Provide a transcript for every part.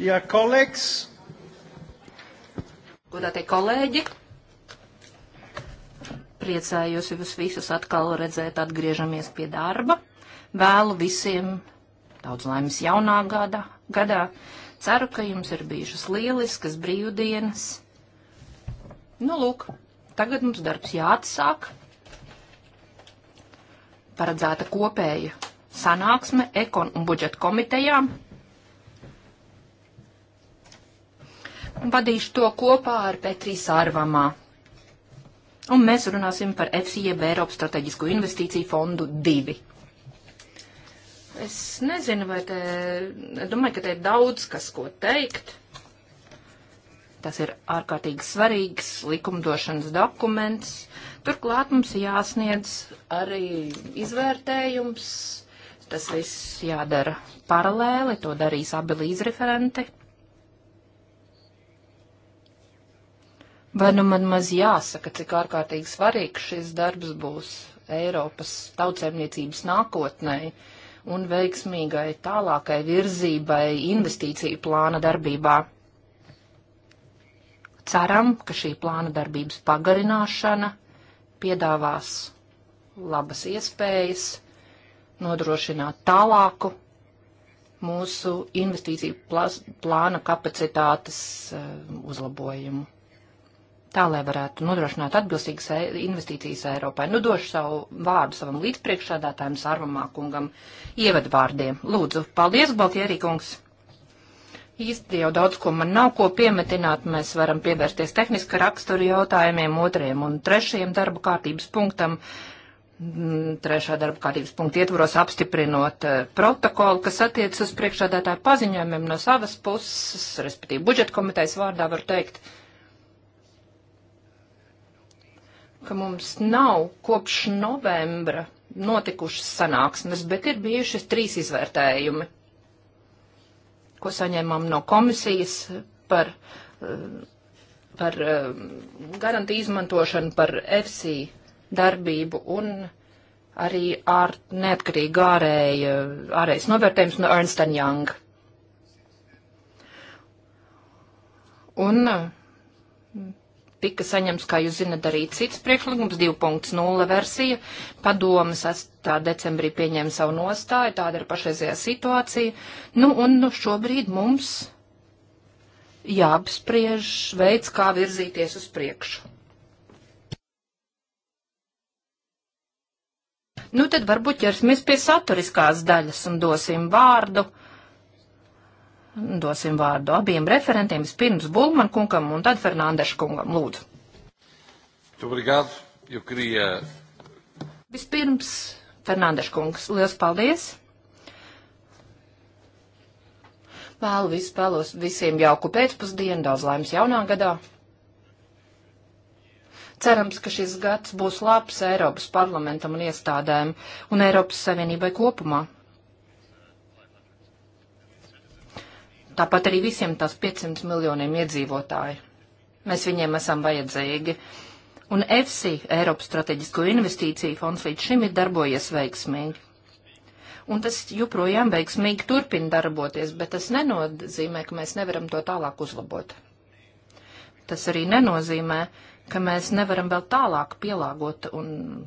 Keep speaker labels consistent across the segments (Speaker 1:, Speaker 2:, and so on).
Speaker 1: Dear colleagues, godātie kolēģi, priecājos jūs visus atkal redzēt, atgriežamies pie darba. Vēlu visiem daudz laimes jaunā gadā. gadā. Ceru, ka jums ir bijušas lieliskas brīvdienas. Nu, lūk, tagad mums darbs jāatsāk. Paredzēta kopēja sanāksme ekon un budžeta komitejām un vadīšu to kopā ar Petrīs Arvamā. Un mēs runāsim par EFSI, jeb Eiropas Strateģisko investīciju fondu 2. Es nezinu, vai te, domāju, ka te ir daudz, kas ko teikt. Tas ir ārkārtīgi svarīgs likumdošanas dokuments. Turklāt mums jāsniedz arī izvērtējums. Tas viss jādara paralēli, to darīs abi līdzreferenti. Vai nu man maz jāsaka, cik ārkārtīgi svarīgs šis darbs būs Eiropas tautsēmniecības nākotnei un veiksmīgai tālākai virzībai investīciju plāna darbībā. Ceram, ka šī plāna darbības pagarināšana piedāvās labas iespējas nodrošināt tālāku mūsu investīciju plāna kapacitātes eh, uzlabojumu tā, lai varētu nodrošināt atbilstīgas e, investīcijas Eiropai. Nu, došu savu vārdu savam līdzpriekšādātājiem Sārvamā kungam ievadvārdiem. Lūdzu, paldies, Baltierī kungs! Īsti jau daudz, ko man nav ko piemetināt, mēs varam pievērsties tehniska rakstura jautājumiem, otriem un trešajiem darba kārtības punktam mm, trešā darba kārtības punkta ietvaros apstiprinot e, protokolu, kas attiecas uz priekšādātāju paziņojumiem no savas puses, respektīvi budžeta komitejas vārdā var teikt, uh, ka mums nav kopš novembra notikušas sanāksmes, bet ir bijušas trīs izvērtējumi, ko saņēmām no komisijas par, eh, par eh, garantiju izmantošanu, par FC darbību un arī ar neatkarīgi ārēja, ārējais novērtējums no Ernst Young. Un uh, tika saņemts, kā jūs zinat, arī cits priekšlikums, 2.0 versija. Padomas 8. decembrī pieņēma savu nostāju, tāda ir pašreizējā situācija. Nu, un nu, šobrīd mums jāapspriež veids, kā virzīties uz priekšu. Nu, tad varbūt ķersimies pie saturiskās daļas un dosim vārdu Dosim vārdu abiem referentiem, pirms Bulman kungam un tad Fernandeša kungam. Lūdzu.
Speaker 2: Obrigado. Eu queria.
Speaker 1: Vispirms, Fernandeša kungs, liels paldies. Vēlu vispēlos visiem jauku pēcpusdienu, daudz laimes jaunā gadā. Cerams, ka šis gads būs labs Eiropas parlamentam un iestādēm un Eiropas Savienībai kopumā. Tāpat arī visiem tās 500 miljoniem iedzīvotāju. Mēs viņiem esam vajadzīgi. Un EFSI, Eiropas Strateģisko investīciju fonds, līdz šim ir darbojies veiksmīgi. Un tas joprojām veiksmīgi turpina darboties, bet tas nenozīmē, ka mēs nevaram to tālāk uzlabot. Tas arī nenozīmē, ka mēs nevaram vēl tālāk pielāgot un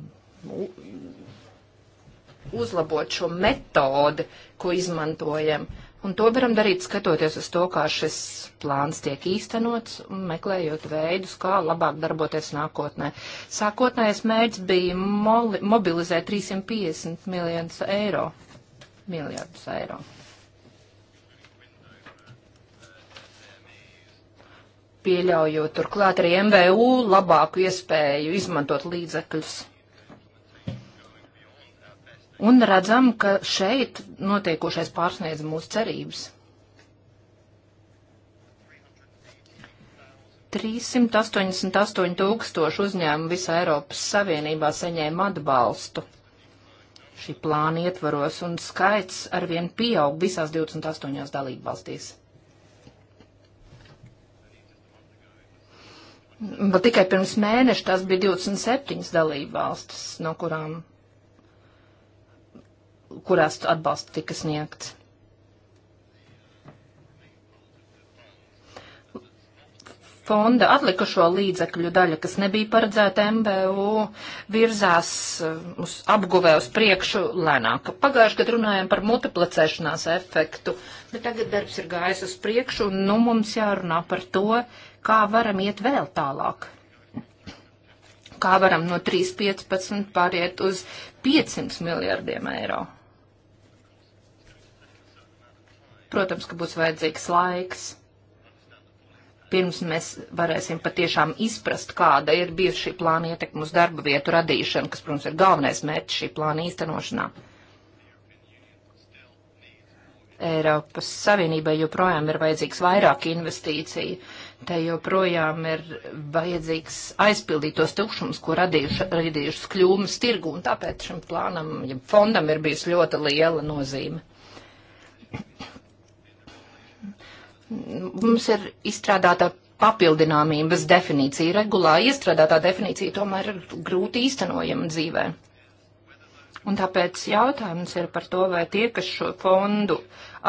Speaker 1: uzlabot šo metodi, ko izmantojam. Uh, Un to varam darīt skatoties uz to, kā šis plāns tiek īstenots un meklējot veidus, kā labāk darboties nākotnē. Sākotnējais mērķis bija moli, mobilizēt 350 miljonus eiro. Miljardus eiro. pieļaujot turklāt arī MVU labāku iespēju izmantot līdzekļus un redzam, ka šeit notiekošais pārsniedz mūsu cerības. 388 tūkstoši uzņēmumu visā Eiropas Savienībā saņēma atbalstu šī plāna ietvaros, un skaits arvien pieaug visās 28 dalībvalstīs. Vēl tikai pirms mēneša tas bija 27 dalībvalstis, no kurām kurās atbalsts tika sniegts. fonda atlikušo līdzekļu daļa, kas nebija paredzēta MBU, virzās uh, uz apguvē uz priekšu lēnāk. Pagājuši, kad runājām par multiplicēšanās efektu, bet tagad darbs ir gājis uz priekšu, un nu mums jārunā par to, kā varam iet vēl tālāk. Kā varam no 3,15 pāriet uz 500 miljardiem eiro. Protams, ka būs vajadzīgs laiks pirms mēs varēsim patiešām izprast, kāda ir bijusi šī plāna ietekme uz darba vietu radīšanu, kas, protams, ir galvenais mērķis šī plāna īstenošanā. Eiropas Savienībai joprojām ir vajadzīgs vairāk investīciju, te joprojām ir vajadzīgs aizpildīt tos tukšumus, ko radījuši, radījušas kļūmes tirgu, un tāpēc šim plānam, ja fondam ir bijusi ļoti liela nozīme mums ir izstrādāta papildināmības definīcija. Regulā iestrādātā definīcija tomēr ir grūti īstenojama dzīvē. Un tāpēc jautājums ir par to, vai tie, kas šo fondu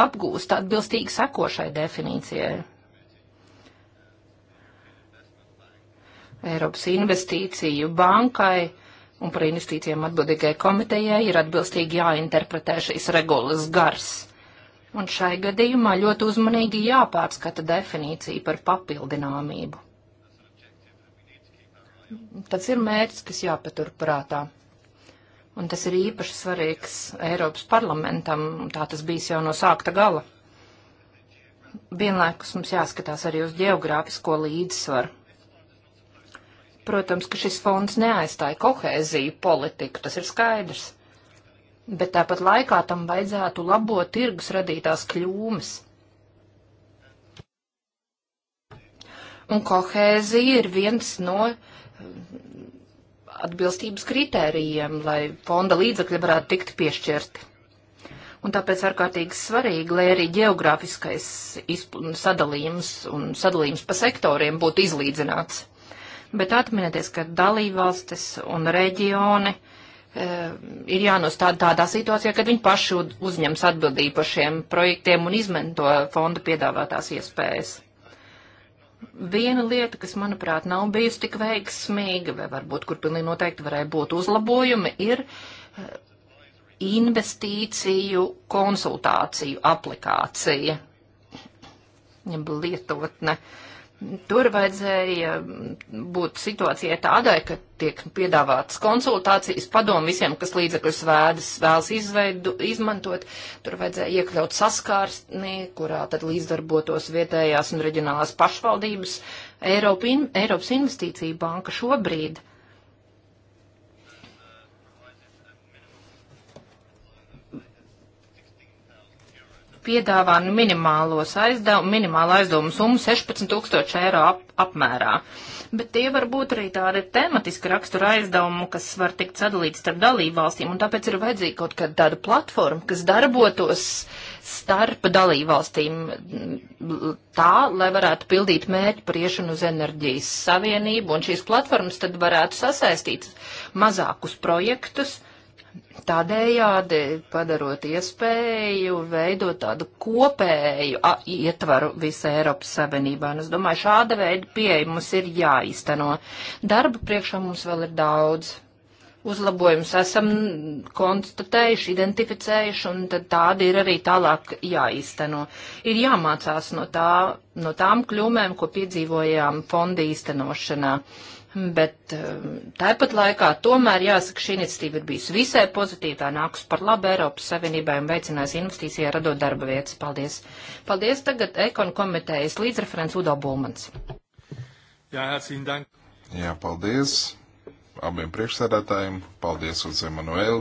Speaker 1: apgūst, atbilstīgi sekošai definīcijai. Eiropas investīciju bankai un par investīcijām atbildīgai komitejai ir atbilstīgi jāinterpretē šīs regulas gars un šai gadījumā ļoti uzmanīgi jāpārskata definīcija par papildināmību. Tas ir mērķis, kas jāpatur prātā. Un tas ir īpaši svarīgs Eiropas parlamentam, tā tas bijis jau no sākta gala. Vienlaikus mums jāskatās arī uz geogrāfisko līdzsvaru. Protams, ka šis fonds neaizstāja kohēziju politiku, tas ir skaidrs bet tāpat laikā tam vajadzētu labot tirgus radītās kļūmes. Un kohēzija ir viens no um, atbilstības kritērijiem, lai fonda līdzekļi varētu tikt piešķirti. Un tāpēc ārkārtīgi svarīgi, lai arī geogrāfiskais sadalījums un sadalījums pa sektoriem būtu izlīdzināts. Bet atminieties, ka dalībvalstis un reģioni uh, ir jānostāda tādā situācijā, kad viņi paši uzņems atbildību par šiem projektiem un izmanto fonda piedāvātās iespējas. Viena lieta, kas, manuprāt, nav bijusi tik veiksmīga, vai varbūt, kur pilnīgi noteikti varēja būt uzlabojumi, ir eh, investīciju konsultāciju aplikācija, jeb lietotne. Uh, Tur vajadzēja būt situācijai tādai, ka tiek piedāvātas konsultācijas, padomu visiem, kas līdzekļus vēdas, vēlas izveidu, izmantot. Tur vajadzēja iekļaut saskārsni, kurā tad līdzdarbotos vietējās un reģionālās pašvaldības. Eiropa in, Eiropas investīcija banka šobrīd uh, piedāvā nu, minimālos aizdevumu, minimālu aizdevumu summu 16 tūkstoši eiro ap, apmērā. Bet tie var būt arī tādi tematiski rakstura aizdevumi, kas var tikt sadalīti starp dalībvalstīm, un tāpēc ir vajadzīga kaut kāda tāda platforma, kas darbotos starp dalībvalstīm tā, lai varētu pildīt mērķi par iešanu uz enerģijas savienību, un šīs platformas tad varētu sasaistīt mazākus projektus, uh, Tādējādi padarot iespēju veidot tādu kopēju a, ietvaru visai Eiropas Savienībā. Un es domāju, šāda veida pieeja mums ir jāizteno. Darba priekšā mums vēl ir daudz. Uzlabojums esam konstatējuši, identificējuši, un tad tādi ir arī tālāk jāizteno. Ir jāmācās no, tā, no tām kļūmēm, ko piedzīvojām fonda īstenošanā. Uh, Bet um, tāpat laikā tomēr jāsaka, šī iniciatīva ir bijusi visai pozitīva, tā nākus par labu Eiropas Savienībai un veicinās investīcijā radot darba vietas. Paldies! Paldies tagad Ekon komitejas līdzreferents Udo Bulmans.
Speaker 2: Jā, dank. Jā, paldies abiem priekšsēdētājiem, paldies uz Emanuēlu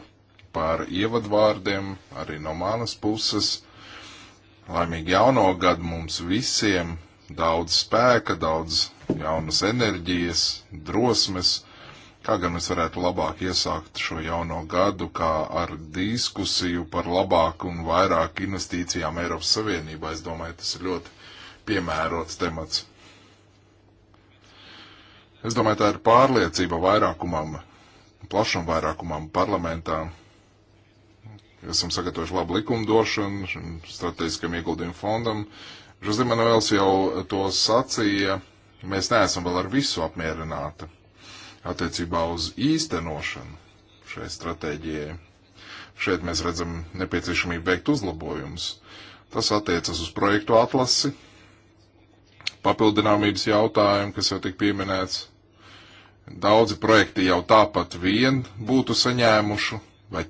Speaker 2: par ievadvārdiem arī no manas puses. Laimīgi jauno gadu mums visiem, daudz spēka, daudz jaunas enerģijas, drosmes, kā gan mēs varētu labāk iesākt šo jauno gadu, kā ar diskusiju par labāku un vairāk investīcijām Eiropas Savienībā. Es domāju, tas ir ļoti piemērots temats. Es domāju, tā ir pārliecība vairākumam, plašam vairākumam parlamentā. Esam sagatavojuši labu likumdošanu, strateģiskam ieguldījumu fondam. Žuzimanuēls jau to sacīja Mēs neesam vēl ar visu apmierināti attiecībā uz īstenošanu šai stratēģijai. Šeit mēs redzam nepieciešamību veikt uzlabojumus. Tas attiecas uz projektu atlasi, papildināmības jautājumu, kas jau tik pieminēts. Daudzi projekti jau tāpat vien būtu saņēmuši, vai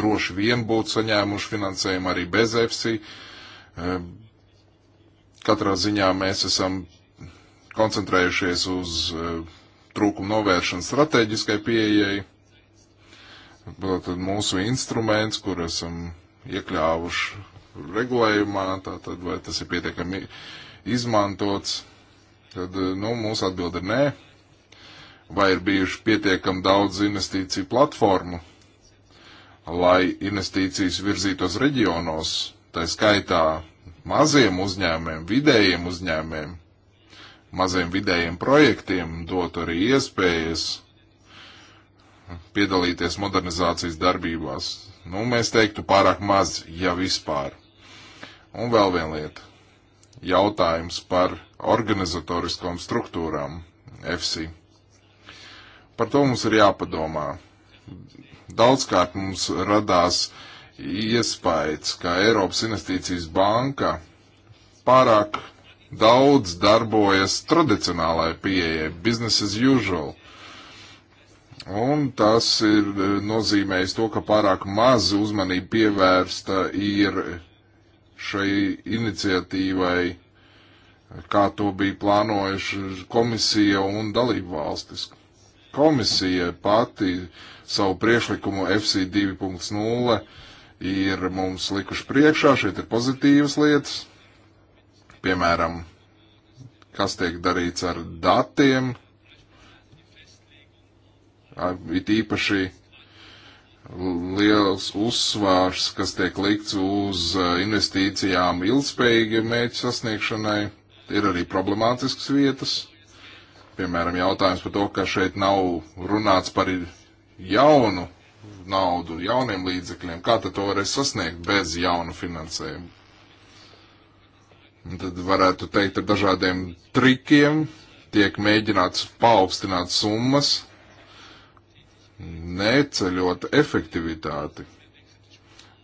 Speaker 2: droši vien būtu saņēmuši finansējumu arī bez EFSI. Ehm, katrā ziņā mēs esam koncentrējušies uz eh, trūkumu novēršanu strateģiskai pieejai. Tātad mūsu instruments, kur esam iekļāvuši regulējumā, tātad vai tas ir pietiekami izmantots, tad eh, nu, mūsu atbilde ir nē. Vai ir bijuši pietiekami daudz investīciju platformu, lai investīcijas virzītos reģionos, tā skaitā maziem uzņēmēm, vidējiem uzņēmēm, maziem vidējiem projektiem dot arī iespējas piedalīties modernizācijas darbībās. Nu, mēs teiktu pārāk maz, ja vispār. Un vēl viena lieta. Jautājums par organizatoriskām struktūrām FC. Par to mums ir jāpadomā. Daudzkārt mums radās iespējas, ka Eiropas investīcijas banka pārāk daudz darbojas tradicionālajai pieejai, business as usual. Un tas ir eh, nozīmējis to, ka pārāk maz uzmanība pievērsta ir šai iniciatīvai, kā to bija plānojuši komisija un dalību valstis. Komisija pati savu priekšlikumu FC 2.0 ir mums likuši priekšā, šeit ir pozitīvas lietas, Piemēram, kas tiek darīts ar datiem, it īpaši liels uzsvārs, kas tiek likts uz eh, investīcijām ilgspējīgi mērķu sasniegšanai, ir arī problemātisks vietas. Piemēram, jautājums par to, ka šeit nav runāts par jaunu naudu, jauniem līdzekļiem. Kā tad to varēs sasniegt bez jaunu finansējumu? tad varētu teikt, ar dažādiem trikiem tiek mēģināts paaugstināt summas, neceļot efektivitāti.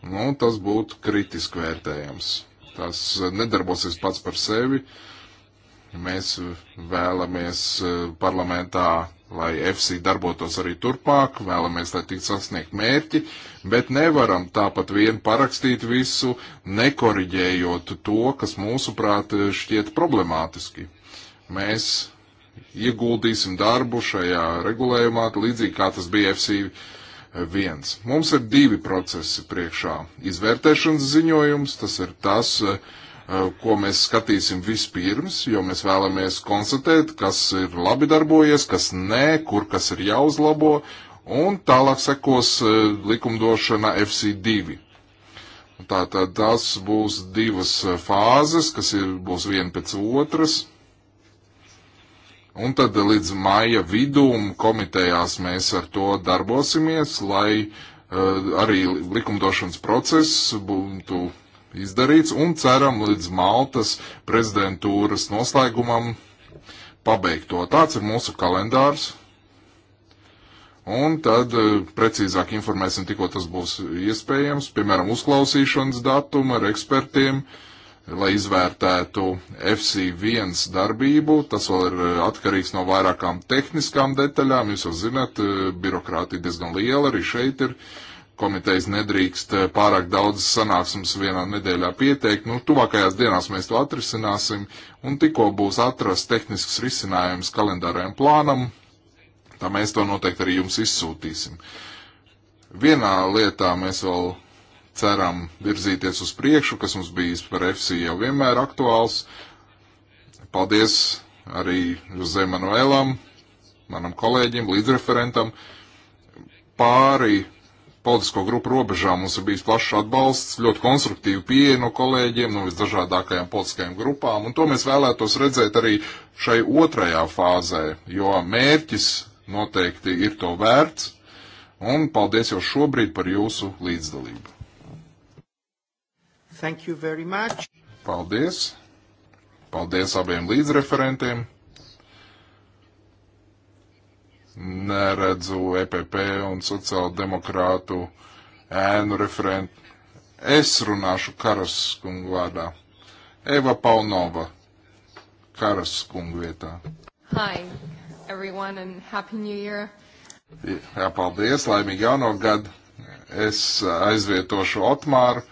Speaker 2: Nu, tas būtu kritiski vērtējams. Tas eh, nedarbosies pats par sevi. Mēs vēlamies eh, parlamentā lai FC darbotos arī turpmāk, vēlamies, lai tiktu sasniegt mērķi, bet nevaram tāpat vien parakstīt visu, nekoriģējot to, kas mūsuprāt šķiet problemātiski. Mēs ieguldīsim darbu šajā regulējumā, līdzīgi kā tas bija FC viens. Mums ir divi procesi priekšā. Izvērtēšanas ziņojums, tas ir tas, uh, Eh, ko mēs skatīsim vispirms, jo mēs vēlamies konstatēt, kas ir labi darbojies, kas nē, kur kas ir jāuzlabo, un tālāk sekos eh, likumdošana FC2. Tātad tās būs divas eh, fāzes, kas ir, būs viena pēc otras. Un tad līdz māja vidum komitejās mēs ar to darbosimies, lai uh, arī likumdošanas process būtu uh, izdarīts un ceram līdz Maltas prezidentūras noslēgumam pabeigt to. Tāds ir mūsu kalendārs. Un tad e, precīzāk informēsim, tikko tas būs iespējams, piemēram, uzklausīšanas datumu ar ekspertiem, lai izvērtētu FC1 darbību. Tas vēl ir e, atkarīgs no vairākām tehniskām detaļām. Jūs jau zināt, e, birokrātija diezgan liela arī šeit ir. Uh, komitejas nedrīkst eh, pārāk daudz sanāksmes vienā nedēļā pieteikt. Nu, tuvākajās dienās mēs to atrisināsim, un tikko būs atrasts tehnisks risinājums kalendārajam plānam, tā mēs to noteikti arī jums izsūtīsim. Vienā lietā mēs vēl ceram virzīties uz priekšu, kas mums bijis par FC jau vienmēr aktuāls. Paldies arī Jose Manuēlam, manam kolēģim, līdzreferentam. Pāri politisko grupu robežām mums ir bijis plašs atbalsts, ļoti konstruktīva pieeja no kolēģiem, no visdažādākajām politiskajām grupām, un to mēs vēlētos redzēt arī šai otrajā fāzē, jo mērķis noteikti ir to vērts, un paldies jau šobrīd par jūsu līdzdalību.
Speaker 3: Thank you very much.
Speaker 2: Paldies. Paldies abiem līdzreferentiem neredzu EPP un sociāldemokrātu ēnu referentu. Es runāšu Karas kungu vārdā. Eva Paunova, Karas kungu vietā.
Speaker 1: Hi, everyone, and happy new year.
Speaker 2: Jā, paldies, laimīgi jauno gadu. Es aizvietošu Otmāru.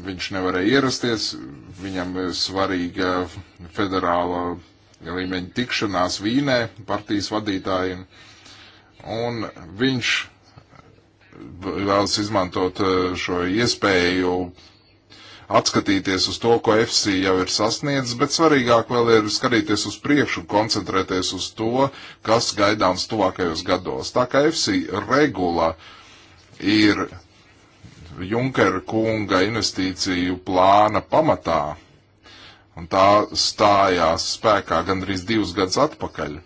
Speaker 2: Viņš nevarēja ierasties, viņam ir svarīga federāla līmeņa tikšanās Vīnē partijas vadītājiem. Un viņš vēlas izmantot eh, šo iespēju atskatīties uz to, ko FC jau ir sasniedzis, bet svarīgāk vēl ir skatīties uz priekšu, koncentrēties uz to, kas gaidāms tuvākajos gados. Tā kā FC regula ir Junkera kunga investīciju plāna pamatā, Un tā stājās spēkā gandrīz divus gadus atpakaļ.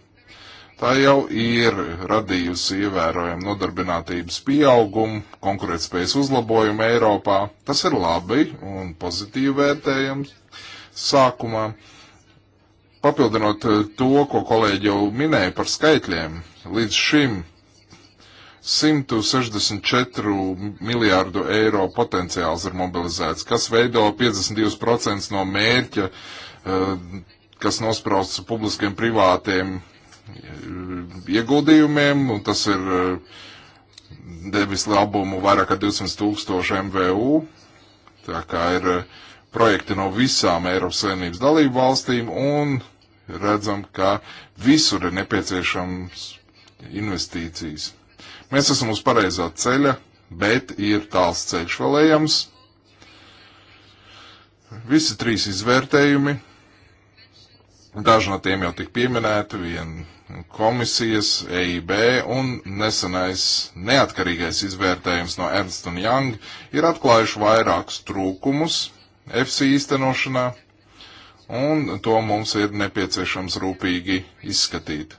Speaker 2: Tā jau ir radījusi ievērojamu nodarbinātības pieaugumu, konkurētspējas uzlabojumu Eiropā. Tas ir labi un pozitīvi vērtējams sākumā. Papildinot to, ko kolēģi jau minēja par skaitļiem, līdz šim 164 miljārdu eiro potenciāls ir mobilizēts, kas veido 52% no mērķa, eh, kas nosprausts publiskiem privātiem eh, ieguldījumiem, un tas ir eh, devis labumu vairāk kā 200 tūkstošu MVU. Tā kā ir projekti no visām Eiropas Savienības dalību valstīm, un redzam, ka visur ir nepieciešams investīcijas. Mēs esam uz pareizā ceļa, bet ir tāls ceļš vēl ejams. Visi trīs izvērtējumi, daži no tiem jau tik pieminēti, vien komisijas, EIB un nesenais neatkarīgais izvērtējums no Ernst Young ir atklājuši vairākus trūkumus FC īstenošanā, un to mums ir nepieciešams rūpīgi izskatīt.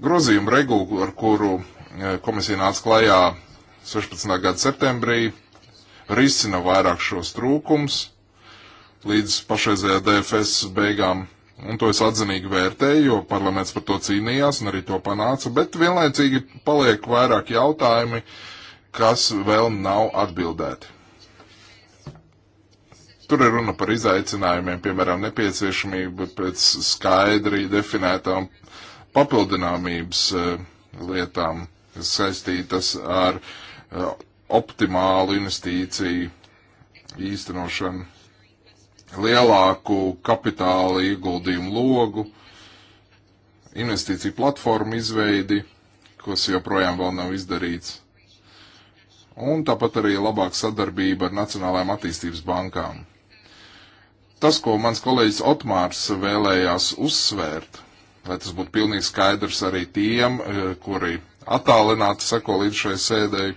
Speaker 2: Grozījuma regula, ar kuru e, komisija nāca klajā 16. gada septembrī, risina vairāk šos trūkums līdz pašreizējā DFS beigām. Un to es atzinīgi vērtēju, jo parlaments par to cīnījās un arī to panāca, bet vienlaicīgi paliek vairāk jautājumi, kas vēl nav atbildēti. Tur ir runa par izaicinājumiem, piemēram, nepieciešamību pēc skaidri definētām papildināmības eh, lietām, kas saistītas ar eh, optimālu investīciju īstenošanu, lielāku kapitāla ieguldījumu logu, investīciju platformu izveidi, kas joprojām vēl nav izdarīts, un tāpat arī labāka sadarbība ar Nacionālajām attīstības bankām. Tas, ko mans kolēģis Otmārs vēlējās uzsvērt, lai tas būtu pilnīgi skaidrs arī tiem, eh, kuri attālināti seko līdz šai sēdēji.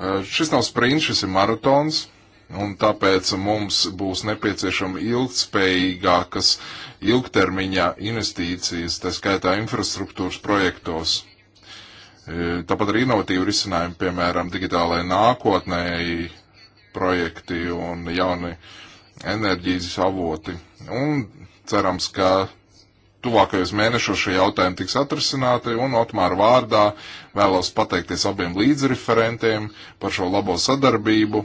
Speaker 2: Eh, šis nav sprints, šis ir maratons, un tāpēc mums būs nepieciešama ilgtspējīgākas ilgtermiņa investīcijas, tā skaitā infrastruktūras projektos. Eh, tāpat arī inovatīvi risinājumi, piemēram, digitālajai nākotnēji projekti un jauni enerģijas avoti. Un cerams, ka tuvākajos mēnešos šie jautājumi tiks atrisināti, un Otmāra vārdā vēlos pateikties abiem līdzreferentiem par šo labo sadarbību.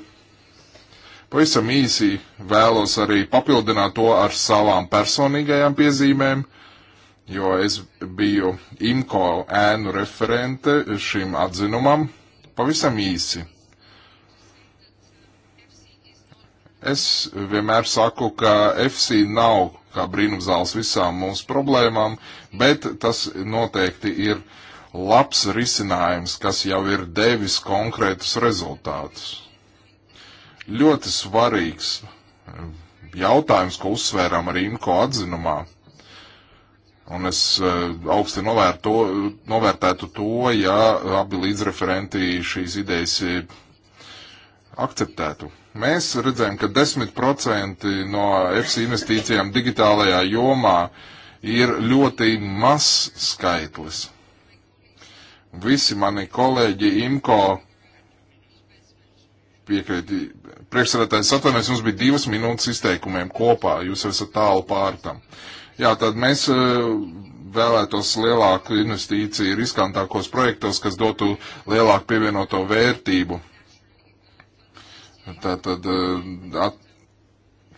Speaker 2: Pavisam īsi vēlos arī papildināt to ar savām personīgajām piezīmēm, jo es biju IMCO ēnu referente šim atzinumam. Pavisam īsi. Es vienmēr saku, ka FC nav kā brīnumzāles visām mūsu problēmām, bet tas noteikti ir labs risinājums, kas jau ir devis konkrētus rezultātus. Ļoti svarīgs jautājums, ko uzsvērām arī IMCO atzinumā, un es e, augsti novērto, novērtētu to, ja abi līdzreferenti šīs idejas akceptētu. Mēs redzējām, ka 10% no EFSI investīcijām digitālajā jomā ir ļoti mazs skaitlis. Visi mani kolēģi IMCO piekrīt. Priekšsēdētājs atvainojas, mums bija divas minūtes izteikumiem kopā, jūs esat tālu pārtam. Jā, tad mēs e, vēlētos lielāku investīciju riskantākos projektos, kas dotu lielāku pievienoto vērtību Tātad eh, at,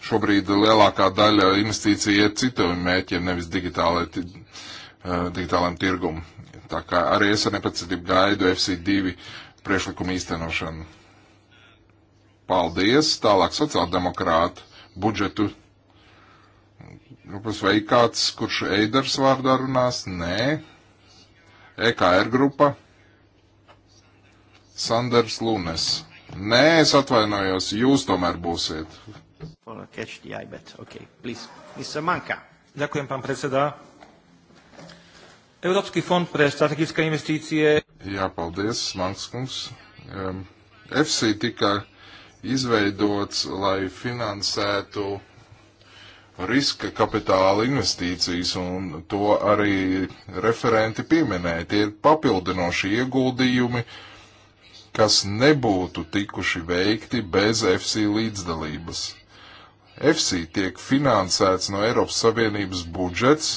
Speaker 2: šobrīd lielākā daļa investīcija iet citiem mēķiem, nevis digitālai, eh, digitālajam tirgumam. Tā kā arī es ar nepacietību gaidu FC2 priešlikumu īstenošanu. Paldies! Tālāk sociāldemokrātu budžetu grupas vai kāds, kurš Eiders vārdā runās? Nē. EKR grupa. Sanders Lunes. Nē, es atvainojos, jūs tomēr būsiet. Ďakujem, pán predseda. Európsky fond pre strategické investície. Jā, paldies, Manskungs. FC tika izveidots, lai finansētu riska kapitāla investīcijas, un to arī referenti pieminēja. Tie ir papildinoši ieguldījumi, uh, kas nebūtu tikuši veikti bez FC līdzdalības. FC tiek finansēts no Eiropas Savienības budžets,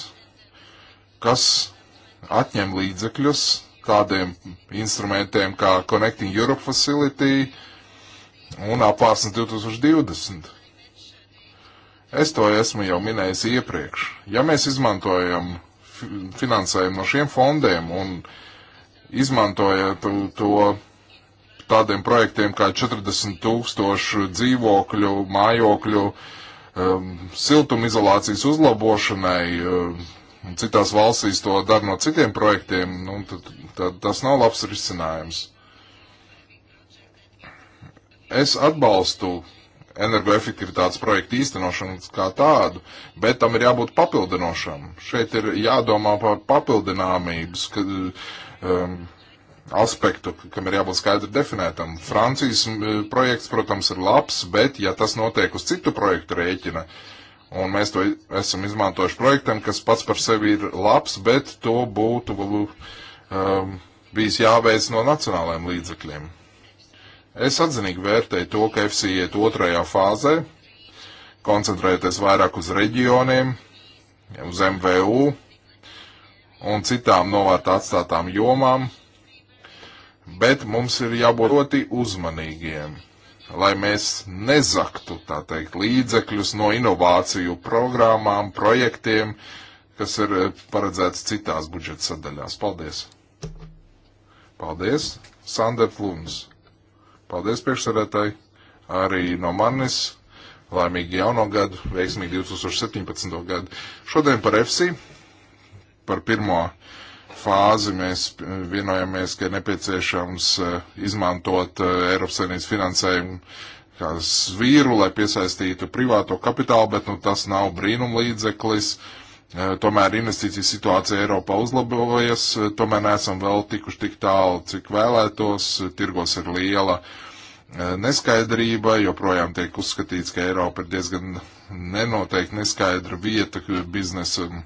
Speaker 2: kas atņem līdzekļus tādiem instrumentiem kā Connecting Europe Facility un apvārsnes 2020. Es to esmu jau minējis iepriekš. Ja mēs izmantojam finansējumu no šiem fondiem un izmantojam to, to tādiem projektiem kā 40 tūkstošu dzīvokļu, mājokļu, um, siltumizolācijas uzlabošanai. Um, citās valstīs to dara no citiem projektiem, nu, tad, tad tas nav labs risinājums. Es atbalstu energoefektivitātes projektu īstenošanu kā tādu, bet tam ir jābūt papildinošam. Šeit ir jādomā par papildināmības, ka, um, aspektu, kam ir jābūt skaidri definētam. Francijas eh, projekts, protams, ir labs, bet ja tas notiek uz citu projektu rēķina, un mēs to esam izmantojuši projektam, kas pats par sevi ir labs, bet to būtu um, bijis jāveic no nacionālajiem līdzekļiem. Es atzinīgi vērtēju to, ka FC iet otrajā fāzē, koncentrēties vairāk uz reģioniem, uz MVU un citām novārtā atstātām jomām, bet mums ir jābūt ļoti uzmanīgiem, lai mēs nezaktu, tā teikt, līdzekļus no inovāciju programmām, projektiem, kas ir eh, paredzēts citās budžeta sadaļās. Paldies! Paldies, Sander Flums! Paldies, priekšsarētāji! Arī no manis! laimīgi jauno gadu, veiksmīgi 2017. gadu. Šodien par FC, par pirmo fāzi mēs vienojamies, ka ir nepieciešams e, izmantot e, Eiropas Savienības finansējumu kā svīru, lai piesaistītu privāto kapitālu, bet nu, tas nav brīnumlīdzeklis. E, tomēr investīcija situācija Eiropā uzlabojas, tomēr neesam vēl tikuši tik tālu, cik vēlētos, tirgos ir liela neskaidrība, joprojām tiek uzskatīts, ka Eiropa ir diezgan nenoteikti neskaidra vieta biznesam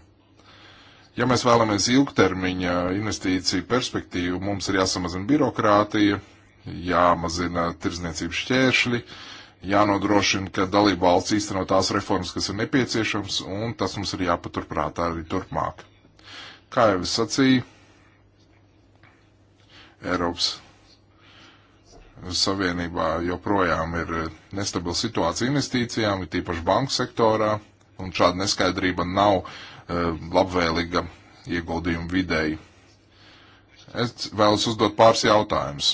Speaker 2: Ja mēs vēlamies ilgtermiņa investīciju perspektīvu, mums ir jāsamazina birokrātija, jāmazina tirzniecības šķēršļi, jānodrošina, ka dalība valsts īstenot tās reformas, kas ir nepieciešams, un tas mums ir jāpaturprātā arī turpmāk. Kā jau es sacīju, Eiropas Savienībā joprojām ir nestabila situācija investīcijām, ir tīpaši banku sektorā, un šāda neskaidrība nav uh, E, labvēlīga ieguldījuma videi. Es vēlos uzdot pāris jautājumus.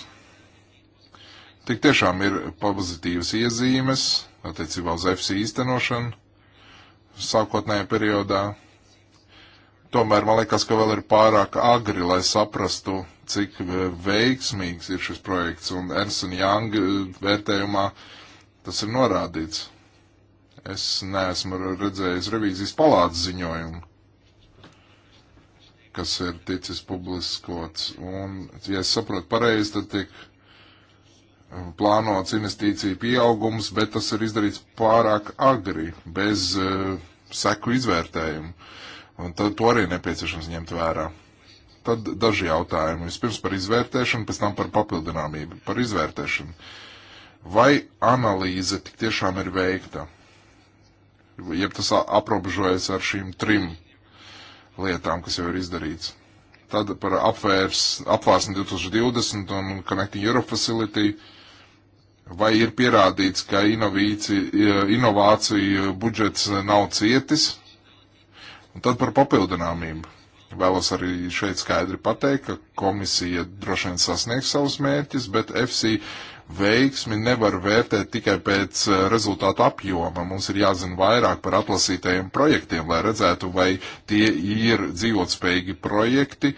Speaker 2: Tik tiešām ir pozitīvas iezīmes attiecībā uz EFSI īstenošanu sākotnējā periodā. Tomēr man liekas, ka vēl ir pārāk agri, lai saprastu, cik veiksmīgs ir šis projekts, un Ernst Young vērtējumā tas ir norādīts. Es neesmu redzējis revīzijas palātas ziņojumu, kas ir ticis publiskots. Un, ja es saprotu pareizi, tad tiek um, plānots investīciju pieaugums, bet tas ir izdarīts pārāk agri, bez uh, seku izvērtējumu. Un tad to arī nepieciešams ņemt vērā. Tad daži jautājumi. Vispirms par izvērtēšanu, pēc tam par papildināmību. Par izvērtēšanu. Vai analīze tik tiešām ir veikta? jeb tas aprobežojas ar šīm trim lietām, kas jau ir izdarīts. Tad par apvērs, apvērsni 2020 un Connecting Europe Facility. Vai ir pierādīts, ka inovāciju budžets nav cietis? Un tad par papildināmību. Vēlos arī šeit skaidri pateikt, ka komisija droši vien sasniegs savus mērķus, bet FC veiksmi nevar vērtēt tikai pēc eh, rezultātu apjoma. Mums ir jāzina vairāk par atlasītajiem projektiem, lai redzētu, vai tie ir dzīvotspējīgi projekti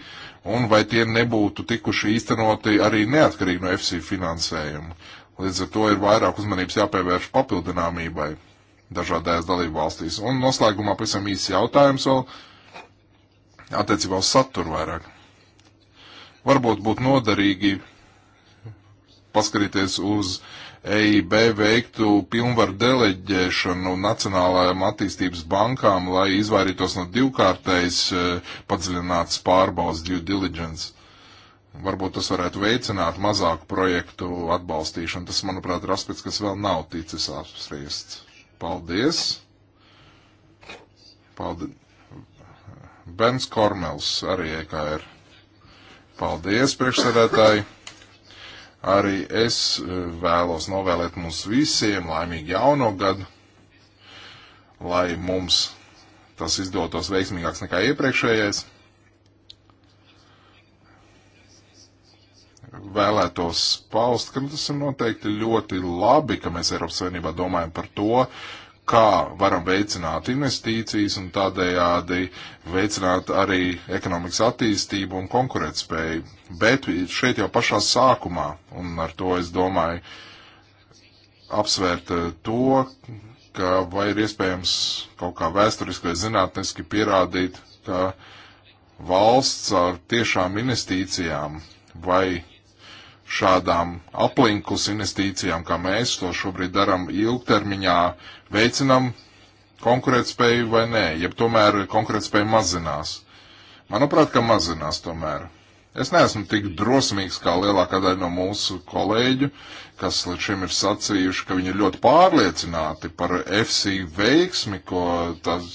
Speaker 2: un vai tie nebūtu tikuši īstenoti arī neatkarīgi no FC finansējuma. Līdz ar to ir vairāk uzmanības jāpievērš papildināmībai dažādās dalību valstīs. Un noslēgumā pavisam īsts jautājums vēl attiecībā uz saturu vairāk. Varbūt būtu noderīgi paskatīties uz EIB veiktu pilnvaru deleģēšanu Nacionālajām attīstības bankām, lai izvairītos no divkārtais e, padziļināts pārbaudas due diligence. Varbūt tas varētu veicināt mazāku projektu atbalstīšanu. Tas, manuprāt, ir aspekts, kas vēl nav ticis apspriests. Paldies! Paldies! Bens Kormels arī EKR. Paldies, priekšsēdētāji! Arī es e, vēlos novēlēt mums visiem laimīgu jauno gadu, lai mums tas izdotos veiksmīgāks nekā iepriekšējais. Vēlētos paust, ka tas ir noteikti ļoti labi, ka mēs Eiropas Savienībā domājam par to, uh, kā varam veicināt investīcijas un tādējādi veicināt arī ekonomikas attīstību un konkurētspēju. Bet šeit jau pašā sākumā, un ar to es domāju, apsvērt eh, to, ka vai ir iespējams kaut kā vēsturiski vai zinātniski pierādīt, ka valsts ar tiešām investīcijām vai šādām aplinkus investīcijām, kā mēs to šobrīd darām ilgtermiņā, veicinam konkurētspēju vai nē, ja tomēr konkurētspēja mazinās. Manuprāt, ka mazinās tomēr. Es neesmu tik drosmīgs kā lielākā daļa no mūsu kolēģu, kas līdz šim ir sacījuši, ka viņi ir ļoti pārliecināti par FC veiksmi, ko, tas,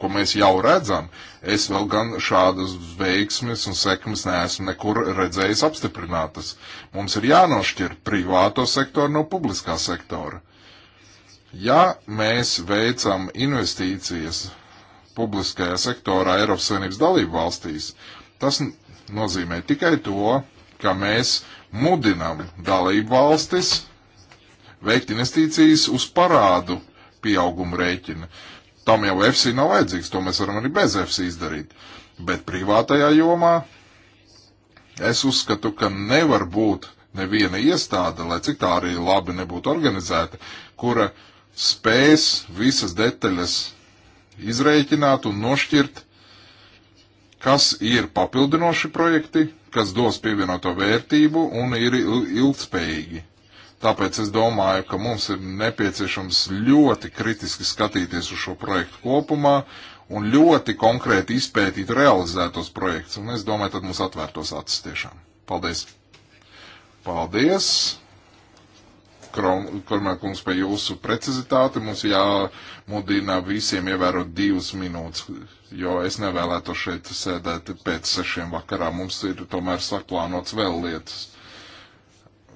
Speaker 2: ko mēs jau redzam. Es vēl gan šādas veiksmes un sekmes neesmu nekur redzējis apstiprinātas. Mums ir jānošķir privāto sektoru no publiskā sektora. Ja mēs veicam investīcijas publiskajā sektorā Eiropas Savienības dalību valstīs, tas nozīmē tikai to, ka mēs mudinam dalību valstis veikt investīcijas uz parādu pieaugumu rēķina. Tam jau FC nav vajadzīgs, to mēs varam arī bez FC izdarīt. Bet privātajā jomā es uzskatu, ka nevar būt neviena iestāde, lai cik tā arī labi nebūtu organizēta, kura spēs visas detaļas izrēķināt un nošķirt kas ir papildinoši projekti, kas dos pievienoto vērtību un ir ilgspējīgi. Tāpēc es domāju, ka mums ir nepieciešams ļoti kritiski skatīties uz šo projektu kopumā un ļoti konkrēti izpētīt realizētos projektus. Un es domāju, tad mums atvērtos acis tiešām. Paldies! Paldies! Kormēkungs, par jūsu precizitāti. Mums jāmudina visiem ievērot divas minūtes, jo es nevēlētu šeit sēdēt pēc sešiem vakarā. Mums ir tomēr saplānots vēl lietas.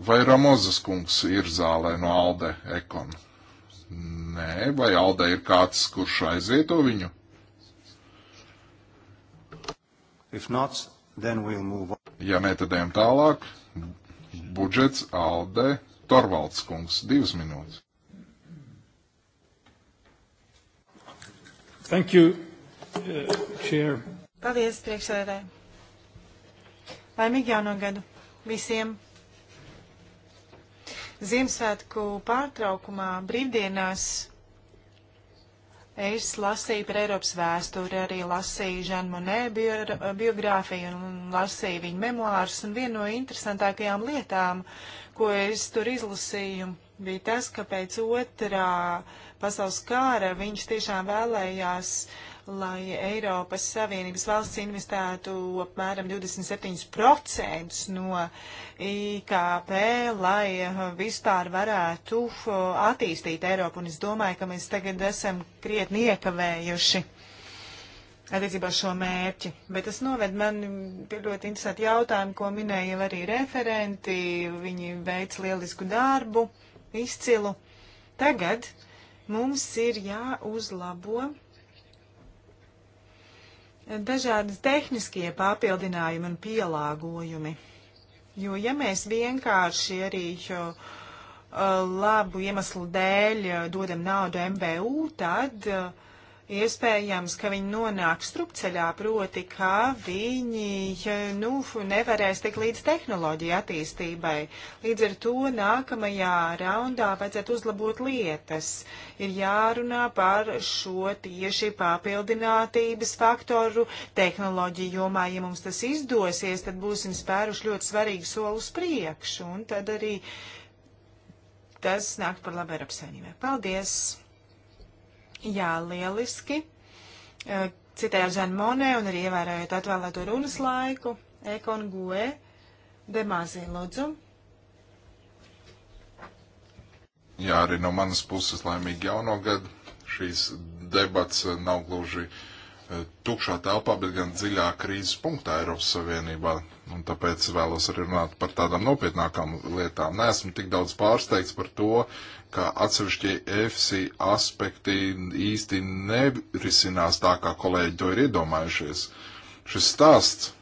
Speaker 2: Vai Ramozas kungs ir zālē no Alde Ekon? Nē, vai Alde ir kāds, kurš aizvieto viņu? If not, then we'll move on. Ja nē, tad ejam tālāk. Budžets Alde Torvalds kungs, divas minūtes. Thank you, uh, Chair.
Speaker 3: Paldies, priekšsēdētāji. Laimīgi jauno gadu visiem! Ziemassvētku pārtraukumā brīvdienās Es lasīju par Eiropas vēsturi, arī lasīju Žanu Monē bio, biogrāfiju un lasīju viņa memoārus. Un viena no interesantākajām lietām, ko es tur izlasīju, bija tas, ka pēc otrā pasaules kāra viņš tiešām vēlējās uh, lai Eiropas Savienības valsts investētu apmēram 27% no IKP, lai eh, vispār varētu eh, attīstīt Eiropu. Un es domāju, ka mēs tagad esam krietni iekavējuši attiecībā uz šo mērķi. Bet tas noved man pie ļoti interesanti jautājumi, ko minēja arī referenti. Viņi veic lielisku darbu, izcilu. Tagad mums ir jāuzlabo dažādas tehniskie papildinājumi un pielāgojumi. Jo ja mēs vienkārši arī uh, labu iemeslu dēļ uh, dodam naudu MBU, tad uh, iespējams, ka viņi nonāk strupceļā, proti, ka viņi eh, nu, nevarēs tik līdz tehnoloģiju attīstībai. Līdz ar to nākamajā raundā vajadzētu uzlabot lietas. Ir jārunā par šo tieši papildinātības faktoru tehnoloģiju jomā. Ja mums tas izdosies, tad būsim spēruši ļoti svarīgu soli uz priekšu, un tad arī tas nāk par labu Eiropas saimnībai. Paldies! Jā, lieliski. Citējā Žana Monē un arī ievērojot atvēlēto runas laiku. Ekon Gue, Demāzī Lūdzu.
Speaker 2: Jā, arī no manas puses laimīgi jauno gadu. Šīs debats nav gluži uh, tukšā telpā, bet gan dziļā krīzes punktā Eiropas Savienībā. Un tāpēc vēlos arī runāt par tādām nopietnākām lietām. Nesmu tik daudz pārsteigts par to, ka atsevišķie EFSI aspekti īsti nerisinās tā, kā kolēģi to ir iedomājušies. Šis stāsts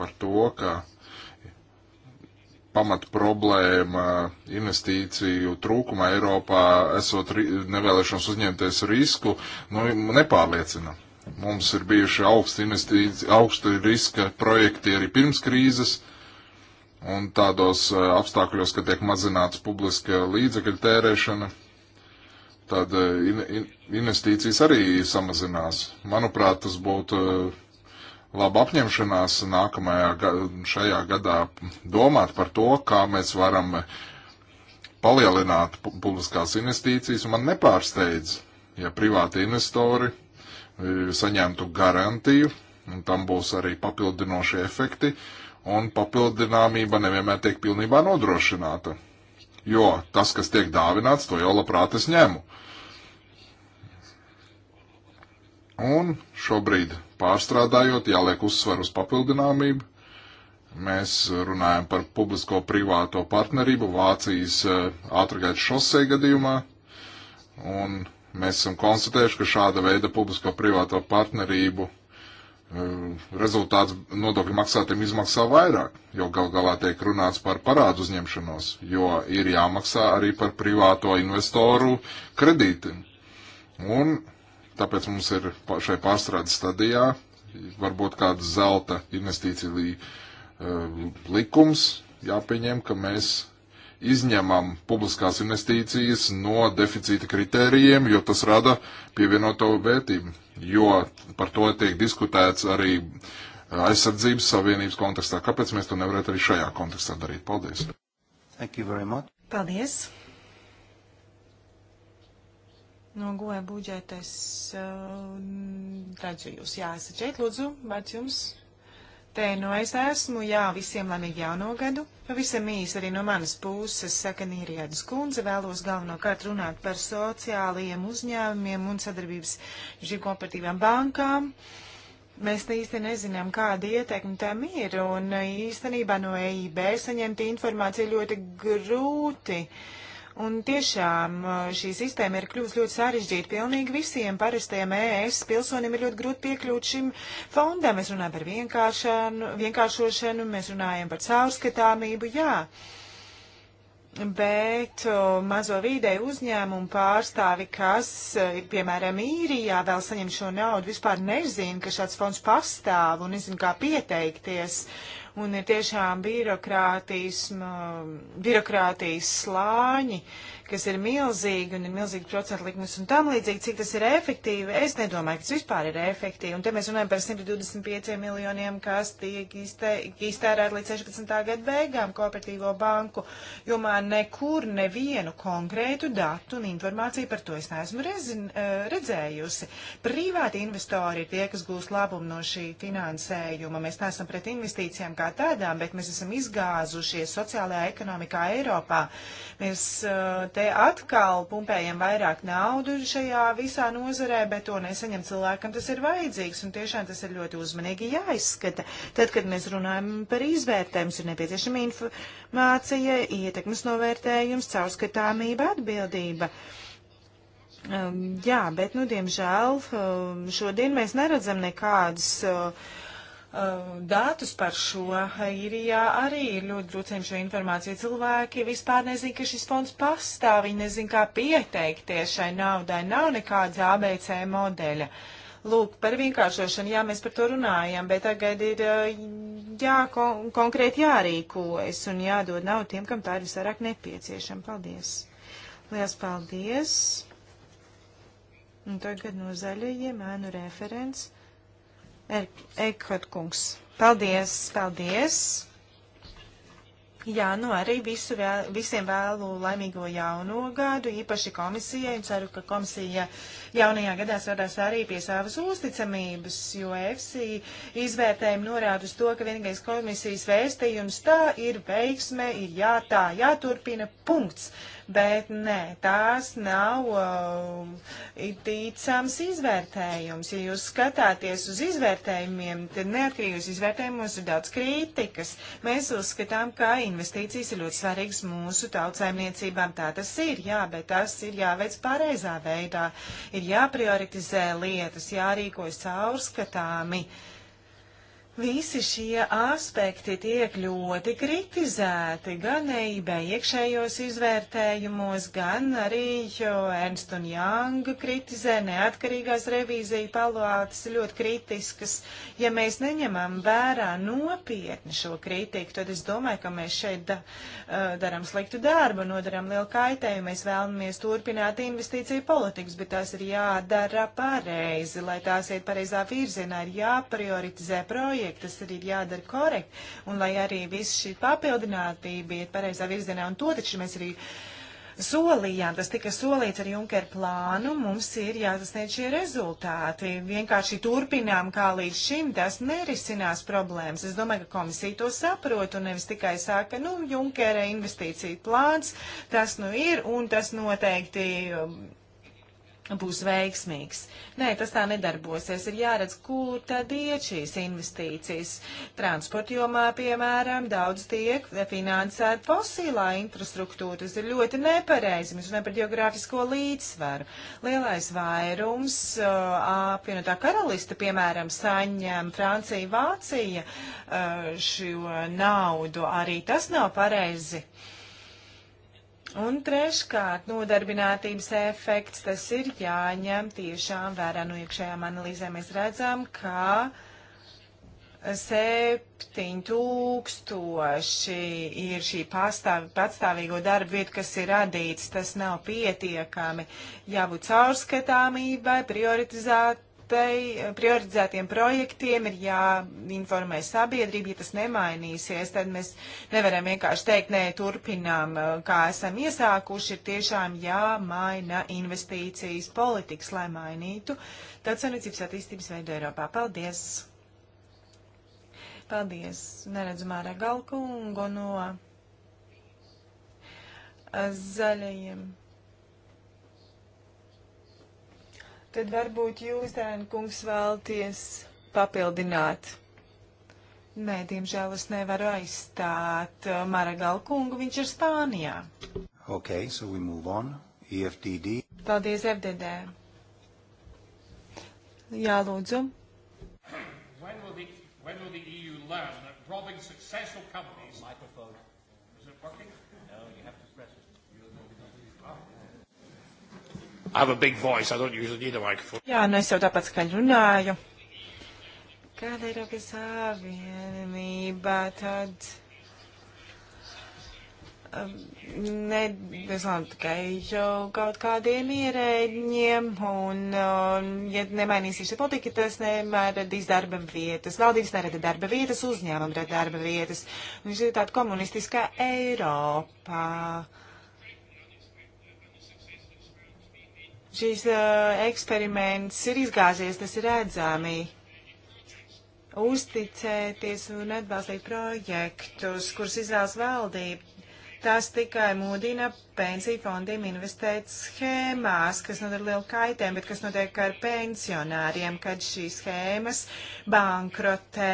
Speaker 2: par to, ka pamat problēma investīciju trūkuma Eiropā, esot nevēlēšanos uzņemties risku, nu, nepārliecina. Mums ir bijuši augsti, augsti riska projekti arī pirms krīzes, un tādos eh, apstākļos, ka tiek mazināts publiska līdzekļu tērēšana, tad eh, in, in, investīcijas arī samazinās. Manuprāt, tas būtu eh, laba apņemšanās nākamajā ga, šajā gadā domāt par to, kā mēs varam palielināt publiskās investīcijas, un man nepārsteidz, ja privāti investori saņemtu garantiju, un tam būs arī papildinoši efekti, un papildināmība nevienmēr tiek pilnībā nodrošināta. Jo tas, kas tiek dāvināts, to jau labprāt es ņemu. Un šobrīd pārstrādājot, jāliek uzsver uz papildināmību. Mēs runājam par publisko-privāto partnerību Vācijas eh, ātrgaitas šosei gadījumā. Un Mēs esam konstatējuši, ka šāda veida publisko-privāto partnerību eh, rezultāts nodokļu maksātiem izmaksā vairāk, jo gal galā tiek runāts par parādu uzņemšanos, jo ir jāmaksā arī par privāto investoru kredīti. Un tāpēc mums ir šai pārstrādes stadijā varbūt kāds zelta investīcija eh, likums jāpieņem, ka mēs izņemam publiskās investīcijas no deficīta kritērijiem, jo tas rada pievienoto vērtību, jo par to tiek diskutēts arī aizsardzības savienības kontekstā. Kāpēc mēs to nevarētu arī šajā kontekstā darīt? Paldies!
Speaker 3: Paldies! No goja budžetes uh, redzu jūs. Jā, esat šeit, lūdzu, vārds jums. Te nu es esmu, jā, visiem laimīgu jauno gadu. Pavisam īsi arī no manas puses saka Nīriedas kundze, vēlos galvenokārt runāt par sociālajiem uzņēmumiem un sadarbības žīvkooperatīvām bankām. Mēs īsti nezinām, kāda ietekme tam ir, un īstenībā no EIB saņemt informāciju ļoti grūti. Uh, Un tiešām uh, šī sistēma ir kļuvusi ļoti sarežģīta. Pilnīgi visiem parastajiem ES pilsonim ir ļoti grūti piekļūt šim fondam. Mēs runājam par vienkāršošanu, mēs runājam par caurskatāmību, jā. Bet o, uh, mazo vīdēju uzņēmumu pārstāvi, kas, uh, piemēram, īrijā vēl saņem šo naudu, vispār nezina, ka šāds fonds pastāv un nezina, kā pieteikties. Uh, un ir tiešām birokrātijas slāņi, kas ir milzīgi un ir milzīgi procentu likmes un tam līdzīgi, cik tas ir efektīvi, es nedomāju, ka tas vispār ir efektīvi. Un te mēs runājam par 125 miljoniem, kas tiek iztērēt līdz 16. gadu beigām kooperatīvo banku, jo man nekur nevienu konkrētu datu un informāciju par to es neesmu rezin, eh, redzējusi. Privāti investori ir tie, kas gūs labumu no šī finansējuma. Mēs neesam pret investīcijām kā tādām, bet mēs esam izgāzušies sociālajā ekonomikā Eiropā. Mēs eh, te te atkal pumpējam vairāk naudu šajā visā nozarē, bet to nesaņem cilvēkam, tas ir vajadzīgs, un tiešām tas ir ļoti uzmanīgi jāizskata. Tad, kad mēs runājam par izvērtējumu, ir nepieciešama informācija, ietekmes novērtējums, caurskatāmība, atbildība. Um, jā, bet, nu, diemžēl, um, šodien mēs neredzam nekādas. Uh, Uh, datus par šo. Īrijā arī ir ļoti trūcējama šo informāciju. Cilvēki vispār nezina, ka šis fonds pastāv, viņi nezina, kā pieteikties šai naudai. Nav nekādas ABC modeļa. Lūk, par vienkāršošanu, jā, mēs par to runājam, bet tagad ir uh, jā, kon konkrēti jārīkojas un jādod naudu tiem, kam tā ir visvairāk nepieciešama. Paldies! Lielas paldies! Un tagad no zaļajiem ēnu referents. E- Eikhot kungs. Paldies, paldies. Jā, nu arī visu vēl, visiem vēlu laimīgo jauno gadu, īpaši komisijai, un ceru, ka komisija jaunajā gadā strādās arī pie savas uzticamības, jo EFSI izvērtējumi norāda uz to, ka vienīgais komisijas vēstījums tā ir veiksme, ir jā, tā jāturpina punkts bet nē, tās nav uh, ticams izvērtējums. Ja jūs skatāties uz izvērtējumiem, tad neatkarīgi uz izvērtējumos ir daudz kritikas. Mēs uzskatām, ka investīcijas ir ļoti svarīgas mūsu tautsēmniecībām. Tā tas ir, jā, bet tas ir jāveic pareizā veidā. Ir jāprioritizē lietas, jārīkojas caurskatāmi. Uh, Visi šie aspekti tiek ļoti kritizēti gan EIB iekšējos izvērtējumos, gan arī Ernst un Young kritizē neatkarīgās revīzija palātas ļoti kritiskas. Ja mēs neņemam vērā nopietni šo kritiku, tad es domāju, ka mēs šeit da, daram sliktu darbu, nodaram lielu kaitējumu, mēs vēlamies turpināt investīciju politikas, bet tās ir jādara pareizi, lai tās iet pareizā virzienā, ir jāprioritizē projekti notiek, tas arī ir jādara korekti. Un lai arī viss šī papildinātība iet pareizā virzienā, un to taču mēs arī solījām, tas tika solīts ar Junker plānu, mums ir jāsasniedz šie rezultāti. Vienkārši turpinām, kā līdz šim tas nerisinās problēmas. Es domāju, ka komisija to saprot un nevis tikai saka, nu, Junkera investīcija plāns, tas nu ir un tas noteikti um, būs veiksmīgs. Nē, tas tā nedarbosies. Ir jāredz, kur tad iet šīs investīcijas. Transporta jomā, piemēram, daudz tiek finansēta fosilā infrastruktūra. Tas ir ļoti nepareizi. Mēs runājam par geogrāfisko līdzsvaru. Lielais vairums apvienotā karalista, piemēram, saņem Francija, Vācija šo naudu. Arī tas nav pareizi. Uh, Un treškārt, nodarbinātības efekts, tas ir jāņem tiešām vērā no nu, iekšējām analīzēm. Mēs redzam, ka 7000 ir šī pastāv, patstāvīgo darba vieta, kas ir radīts. Tas nav pietiekami. Jābūt caurskatāmībai, prioritizēt Eh, prioritizētiem projektiem ir jāinformē sabiedrība. Ja tas nemainīsies, tad mēs nevaram vienkārši teikt, nē, turpinām, eh, kā esam iesākuši. Ir tiešām jāmaina investīcijas politikas, lai mainītu tautsanīcības attīstības veidu Eiropā. Paldies! Paldies! Neredzamā Regalkungu no eh, zaļajiem. Tad varbūt jūs, Dēna kungs, vēlties papildināt. Nē, diemžēl es nevaru aizstāt uh, Maragalu kungu, viņš ir Spānijā. Ok, so we move on. EFDD. Paldies, FDD. Jā, lūdzu.
Speaker 2: When will the, when will the EU learn that robbing successful companies like
Speaker 1: I have a big voice. I don't usually need a microphone.
Speaker 3: Jā, nu es jau tāpat skaļi runāju. Kāda ir Eiropas Savienība, tad um, nezinām tikai jau kaut kādiem ierēģiem, un, um, ja nemainīsies šī politika, tas neradīs darba vietas. Valdības nerada darba vietas, uzņēmumi rada darba vietas. Un šī ir tāda komunistiskā Eiropā. Uh, šīs uh, eksperiments ir izgāzies, tas ir redzami. Uzticēties un atbalstīt projektus, kurus izvēlas valdība, tas tikai mudina pensiju fondiem investēt schēmās, kas nodara lielu kaitēm, bet kas notiek ar pensionāriem, kad šīs schēmas bankrotē.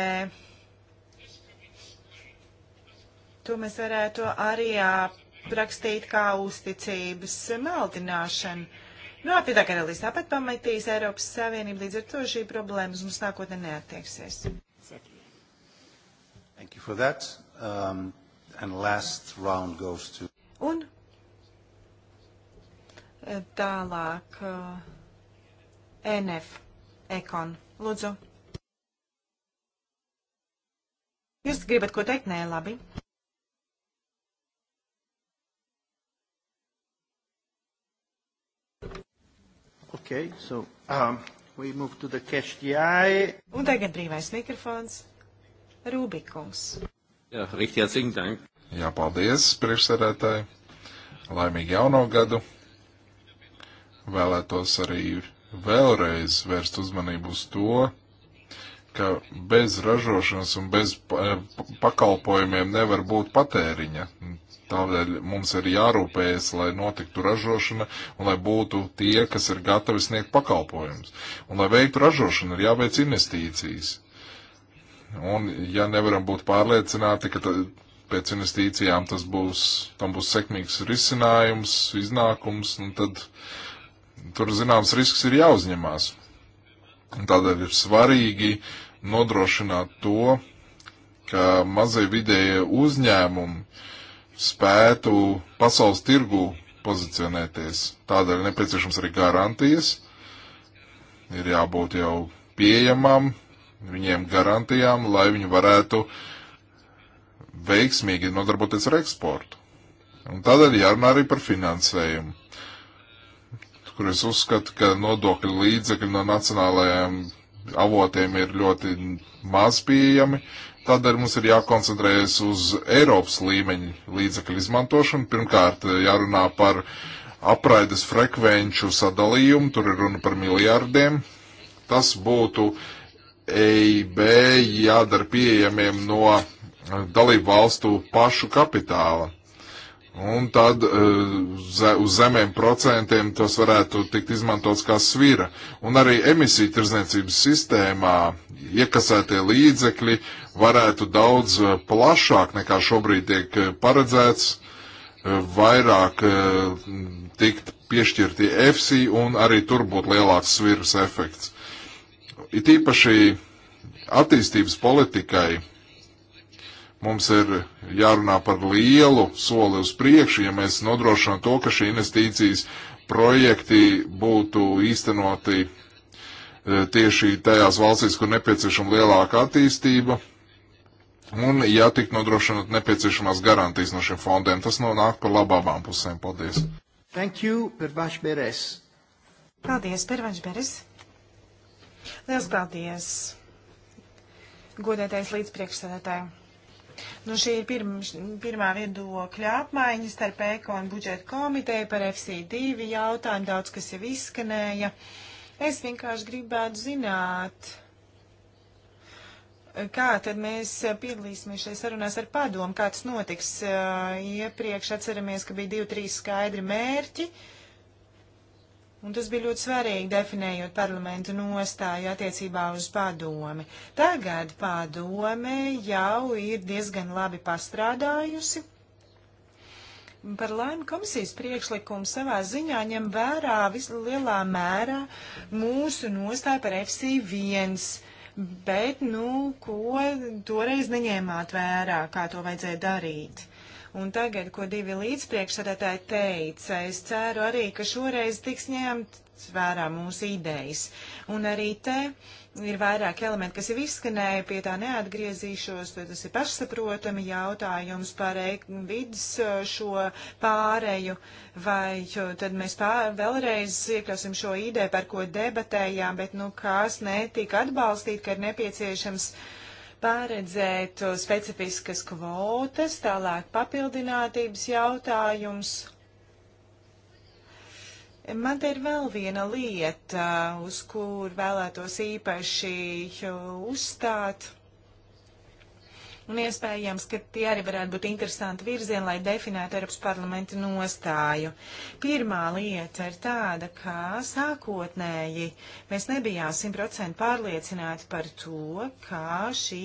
Speaker 3: To mēs varētu arī aprakstīt kā uzticības maldināšanu Nu, apvienotā karalīte tāpat pamatīs Eiropas Savienību, līdz ar to šī problēma uz mums nākotnē neattieksies. Thank you for that. Um, and last round goes to... Un eh, tālāk uh, eh, NF Ekon. Lūdzu. Jūs gribat ko teikt? Nē, labi.
Speaker 2: Okay, so, um, we move to the catch the eye.
Speaker 3: Un tagad brīvais mikrofons. Rūbikums.
Speaker 2: Jā, rīkti atsīgi, dank. Jā, paldies, priekšsarētāji. Laimīgi jauno gadu. Vēlētos arī vēlreiz vērst uzmanību uz to, ka bez ražošanas un bez eh, pakalpojumiem nevar būt patēriņa. Tādēļ mums ir jārūpējas, lai notiktu ražošana un lai būtu tie, kas ir gatavi sniegt pakalpojumus. Un lai veiktu ražošanu, ir jāveic investīcijas. Un ja nevaram būt pārliecināti, ka pēc investīcijām tas būs, tam būs sekmīgs risinājums, iznākums, nu tad tur zināms risks ir jāuzņemās. Un tādēļ ir svarīgi nodrošināt to, ka mazie vidējie uzņēmumi, uh, spētu pasaules tirgu pozicionēties. Tādēļ nepieciešams arī garantijas. Ir jābūt jau pieejamām viņiem garantijām, lai viņi varētu veiksmīgi nodarboties ar eksportu. Un tādēļ jārunā arī par finansējumu, kur es uzskatu, ka nodokļu līdzekļi no nacionālajiem avotiem ir ļoti maz pieejami, Tādēļ mums ir jākoncentrējas uz Eiropas līmeņa līdzekļu izmantošanu. Pirmkārt, jārunā par apraides frekvenču sadalījumu, tur ir runa par miljārdiem. Tas būtu EIB jādara pieejamiem no dalību valstu pašu kapitāla. Un tad eh, uz zemiem procentiem tas varētu tikt izmantots kā svira. Un arī emisiju tirzniecības sistēmā iekasētie līdzekļi varētu daudz eh, plašāk nekā šobrīd tiek eh, paredzēts, vairāk tikt piešķirti EFSI un arī tur būtu lielāks sviras efekts. It īpaši attīstības politikai Mums ir jārunā par lielu soli uz priekšu, ja mēs nodrošinām to, ka šī investīcijas projekti būtu īstenoti e, tieši tajās valstīs, kur nepieciešama lielāka attīstība. Un, ja tik nodrošināt nepieciešamās garantijas no šiem fondiem, tas nonāk par labu abām pusēm. Paldies! Thank you, Pervaš Beres!
Speaker 3: Paldies, Pervaš Beres! Liels paldies! Godētais līdzpriekšsēdētāji! Nu, šī ir pirm, pirmā viedokļa apmaiņa starp ECO un budžeta komiteju par FC2 jautājumu, daudz kas jau izskanēja. Es vienkārši gribētu zināt, kā tad mēs piedalīsimies šajā sarunās ar padomu, kāds notiks. Iepriekš atceramies, ka bija divi, trīs skaidri mērķi. Uh, Un tas bija ļoti svarīgi definējot parlamentu nostāju attiecībā uz padomi. Tagad padome jau ir diezgan labi pastrādājusi. Par laimi komisijas priekšlikumu savā ziņā ņem vērā vislielā mērā mūsu nostāju par FC1, bet, nu, ko toreiz neņēmāt vērā, kā to vajadzēja darīt. Un tagad, ko divi līdzpriekšsēdētāji teica, es ceru arī, ka šoreiz tiks ņemts vērā mūsu idejas. Un arī te ir vairāk elementi, kas jau izskanēja, pie tā neatgriezīšos, tas ir pašsaprotami jautājums par e- vidas e, šo pāreju, vai tad mēs pār, vēlreiz iekļausim šo ideju, par ko debatējām, bet nu kas netika atbalstīt, ka ir nepieciešams uh, pārredzēt uh, specifiskas kvotas, tālāk papildinātības jautājums. Man te ir vēl viena lieta, uh, uz kur vēlētos īpaši uh, uzstāt. Un iespējams, ka tie arī varētu būt interesanti virzieni, lai definētu Eiropas parlamenta nostāju. Pirmā lieta ir tāda, ka sākotnēji mēs nebijām 100% pārliecināti par to, ka šī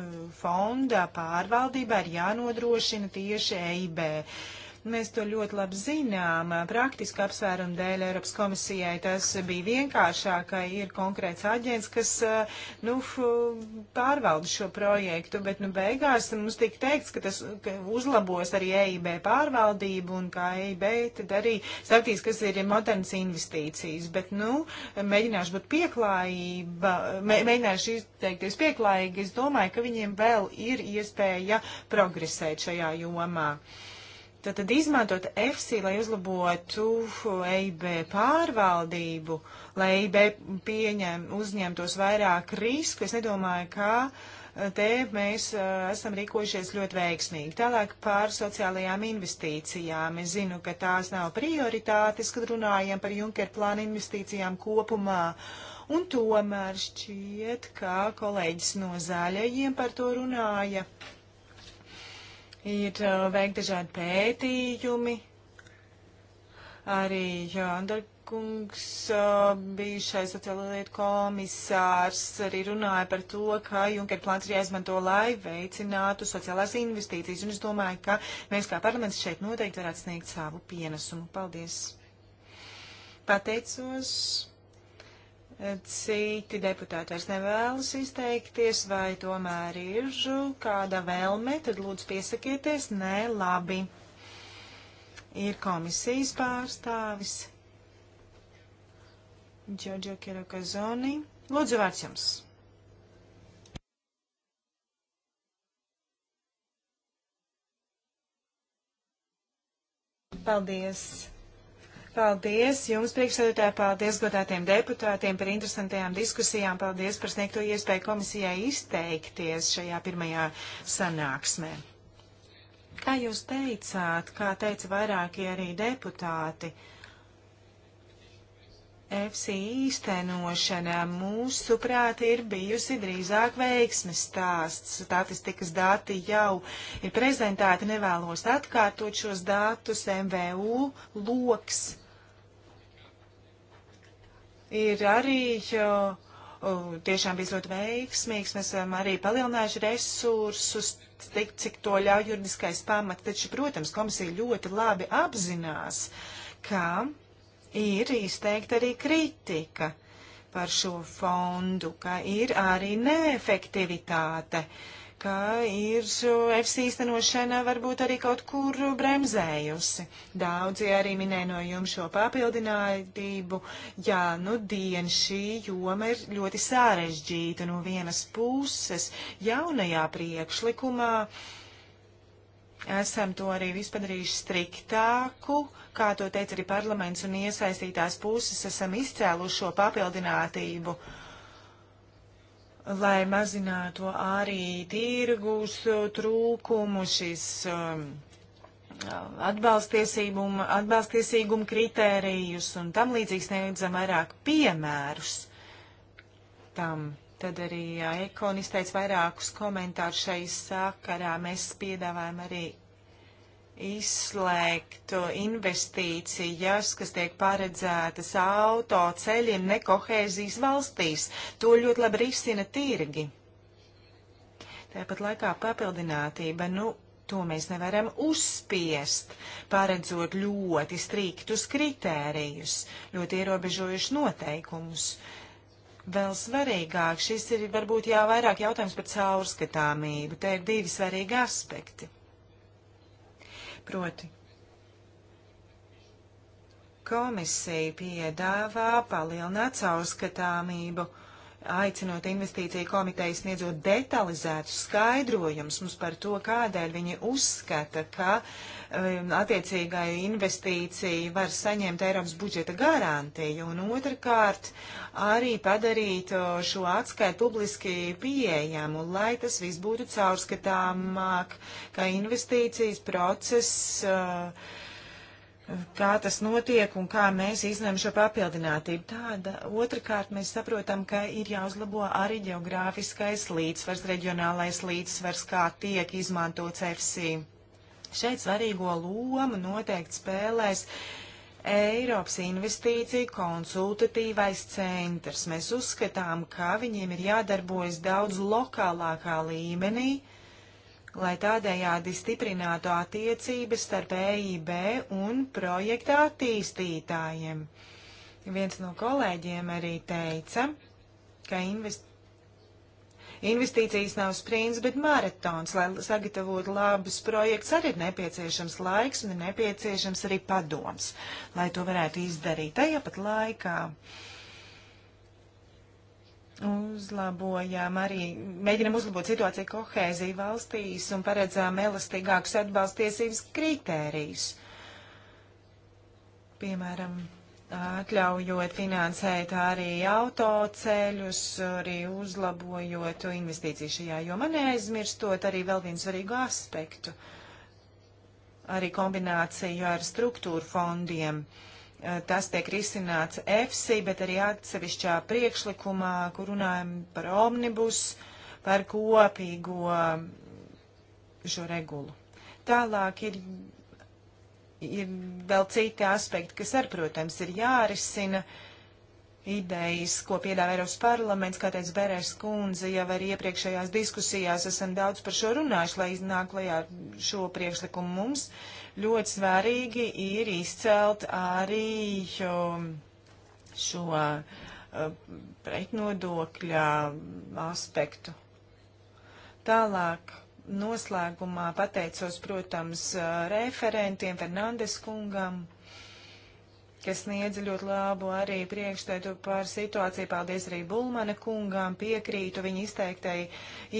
Speaker 3: eh, fonda pārvaldībā ir jānodrošina tieši EIB. Mēs to ļoti labi zinām. Praktiski apsvērumu dēļ Eiropas komisijai tas bija vienkāršāk, ka ir konkrēts aģents, kas eh, nu, pārvalda šo projektu, bet nu, beigās mums tika teikts, ka tas ka uzlabos arī EIB pārvaldību un kā EIB tad arī sapratīs, kas ir modernas investīcijas. Bet, nu, mēģināšu būt pieklājība, mē, mēģināšu izteikties pieklājīgi. Es domāju, ka viņiem vēl ir iespēja progresēt šajā jomā. Uh, Tātad izmantot EFSI, lai uzlabotu EIB pārvaldību, lai EIB pieņem, uzņemtos vairāk risku, es nedomāju, ka eh, te mēs uh, esam rīkojušies ļoti veiksmīgi. Tālāk par sociālajām investīcijām. Es zinu, ka tās nav prioritātes, kad runājam par Junker plānu investīcijām kopumā. Un tomēr šķiet, ka kolēģis no zaļajiem par to runāja. Uh, ir veikti dažādi pētījumi. Arī Andorkungs bijušais sociālajietu komisārs arī runāja par to, ka Junker plāns ir jāizmanto, lai veicinātu sociālās investīcijas. Un es domāju, ka mēs kā parlaments šeit noteikti varētu sniegt savu pienesumu. Paldies! Pateicos! Citi deputāti vairs nevēlas izteikties, vai tomēr ir kāda vēlme, tad lūdzu piesakieties. Nē, labi. Ir komisijas pārstāvis. Džodžo Kirokazoni. Lūdzu, vārds jums. Paldies! Paldies jums, priekšsēdētāji, paldies godātiem deputātiem par interesantajām diskusijām, paldies par sniegto iespēju komisijai izteikties šajā pirmajā sanāksmē. Kā jūs teicāt, kā teica vairākie arī deputāti, FC īstenošana mūsuprāt ir bijusi drīzāk veiksmes stāsts. Statistikas dati jau ir prezentēti, nevēlos atkārtot šos datus. MVU loks ir arī jo, tiešām bijis ļoti veiksmīgs. Mēs esam arī palielinājuši resursus, cik, cik to ļauj juridiskais pamats. Taču, protams, komisija ļoti labi apzinās, ka ir izteikta arī kritika par šo fondu, ka ir arī neefektivitāte. Uh, ka ir EFSI īstenošana varbūt arī kaut kur bremzējusi. Daudzi arī minēja no jums šo papildinātību. Jā, nu dien šī joma ir ļoti sārežģīta no vienas puses jaunajā priekšlikumā. Esam to arī vispadarījuši striktāku, kā to teica arī parlaments un iesaistītās puses, esam izcēluši šo papildinātību. Uh, lai mazinātu arī tirgus trūkumu, šis um, atbalstiesīgumu kritērijus un tam līdzīgs nevienam vairāk piemērus tam. Tad arī Ekon izteica vairākus komentārus šai sakarā. Mēs piedāvājam arī izslēgt investīcijas, kas tiek paredzētas autoceļiem nekohēzijas valstīs. To ļoti labi risina tirgi. Tāpat laikā papildinātība, nu, to mēs nevaram uzspiest, paredzot ļoti striktus kritērijus, ļoti ierobežojušus noteikumus. Vēl svarīgāk, šis ir varbūt jau vairāk jautājums par caurskatāmību. Te ir divi svarīgi aspekti. Proti, komisija piedāvā palielināt caurskatāmību aicinot investīciju komiteju sniedzot detalizētus skaidrojumus mums par to, kādēļ viņi uzskata, ka um, attiecīgai investīcija var saņemt Eiropas budžeta garantiju, un otrkārt arī padarīt uh, šo atskaitu publiski pieejamu, lai tas viss būtu caurskatāmāk, ka investīcijas process uh, kā tas notiek un kā mēs izņemam šo papildinātību. Tāda otrkārt mēs saprotam, ka ir jāuzlabo arī geogrāfiskais līdzsvars, reģionālais līdzsvars, kā tiek izmantots FC. Šeit svarīgo lomu noteikti spēlēs Eiropas investīcija konsultatīvais centrs. Mēs uzskatām, ka viņiem ir jādarbojas daudz lokālākā līmenī lai tādējādi stiprinātu attiecības starp EIB un projekta attīstītājiem. Viens no kolēģiem arī teica, ka invest... investīcijas nav sprints, bet maratons. Lai sagatavotu labus projekts, arī ir nepieciešams laiks un ir nepieciešams arī padoms, lai to varētu izdarīt tajā pat laikā. Uh, Uzlabojām arī, mēģinam uzlabot situāciju kohēziju valstīs un paredzām elastīgākus atbalstiesības kritērijus. Piemēram, atļaujot finansēt arī autoceļus, arī uzlabojot investīciju šajā jomā, neaizmirstot arī vēl vienu svarīgu aspektu, arī kombināciju ar struktūru fondiem. Uh, Eh, tas tiek risināts EFSI, bet arī atsevišķā priekšlikumā, kur runājam par omnibus, par kopīgo mm, šo regulu. Tālāk ir, ir vēl citi aspekti, kas ar, protams, ir jārisina idejas, ko piedāvā Eiropas parlaments, kā teica Berēs kundze, jau arī iepriekšējās diskusijās esam daudz par šo runājuši, lai iznāk lajā šo priekšlikumu mums. Uh, Ļoti svarīgi ir izcelt arī um, šo uh, pretnodokļa aspektu. Tālāk noslēgumā pateicos, protams, uh, referentiem Fernandes kungam kas sniedza ļoti labu arī priekšstatu par situāciju. Paldies arī Bulmana kungām, piekrītu viņa izteiktai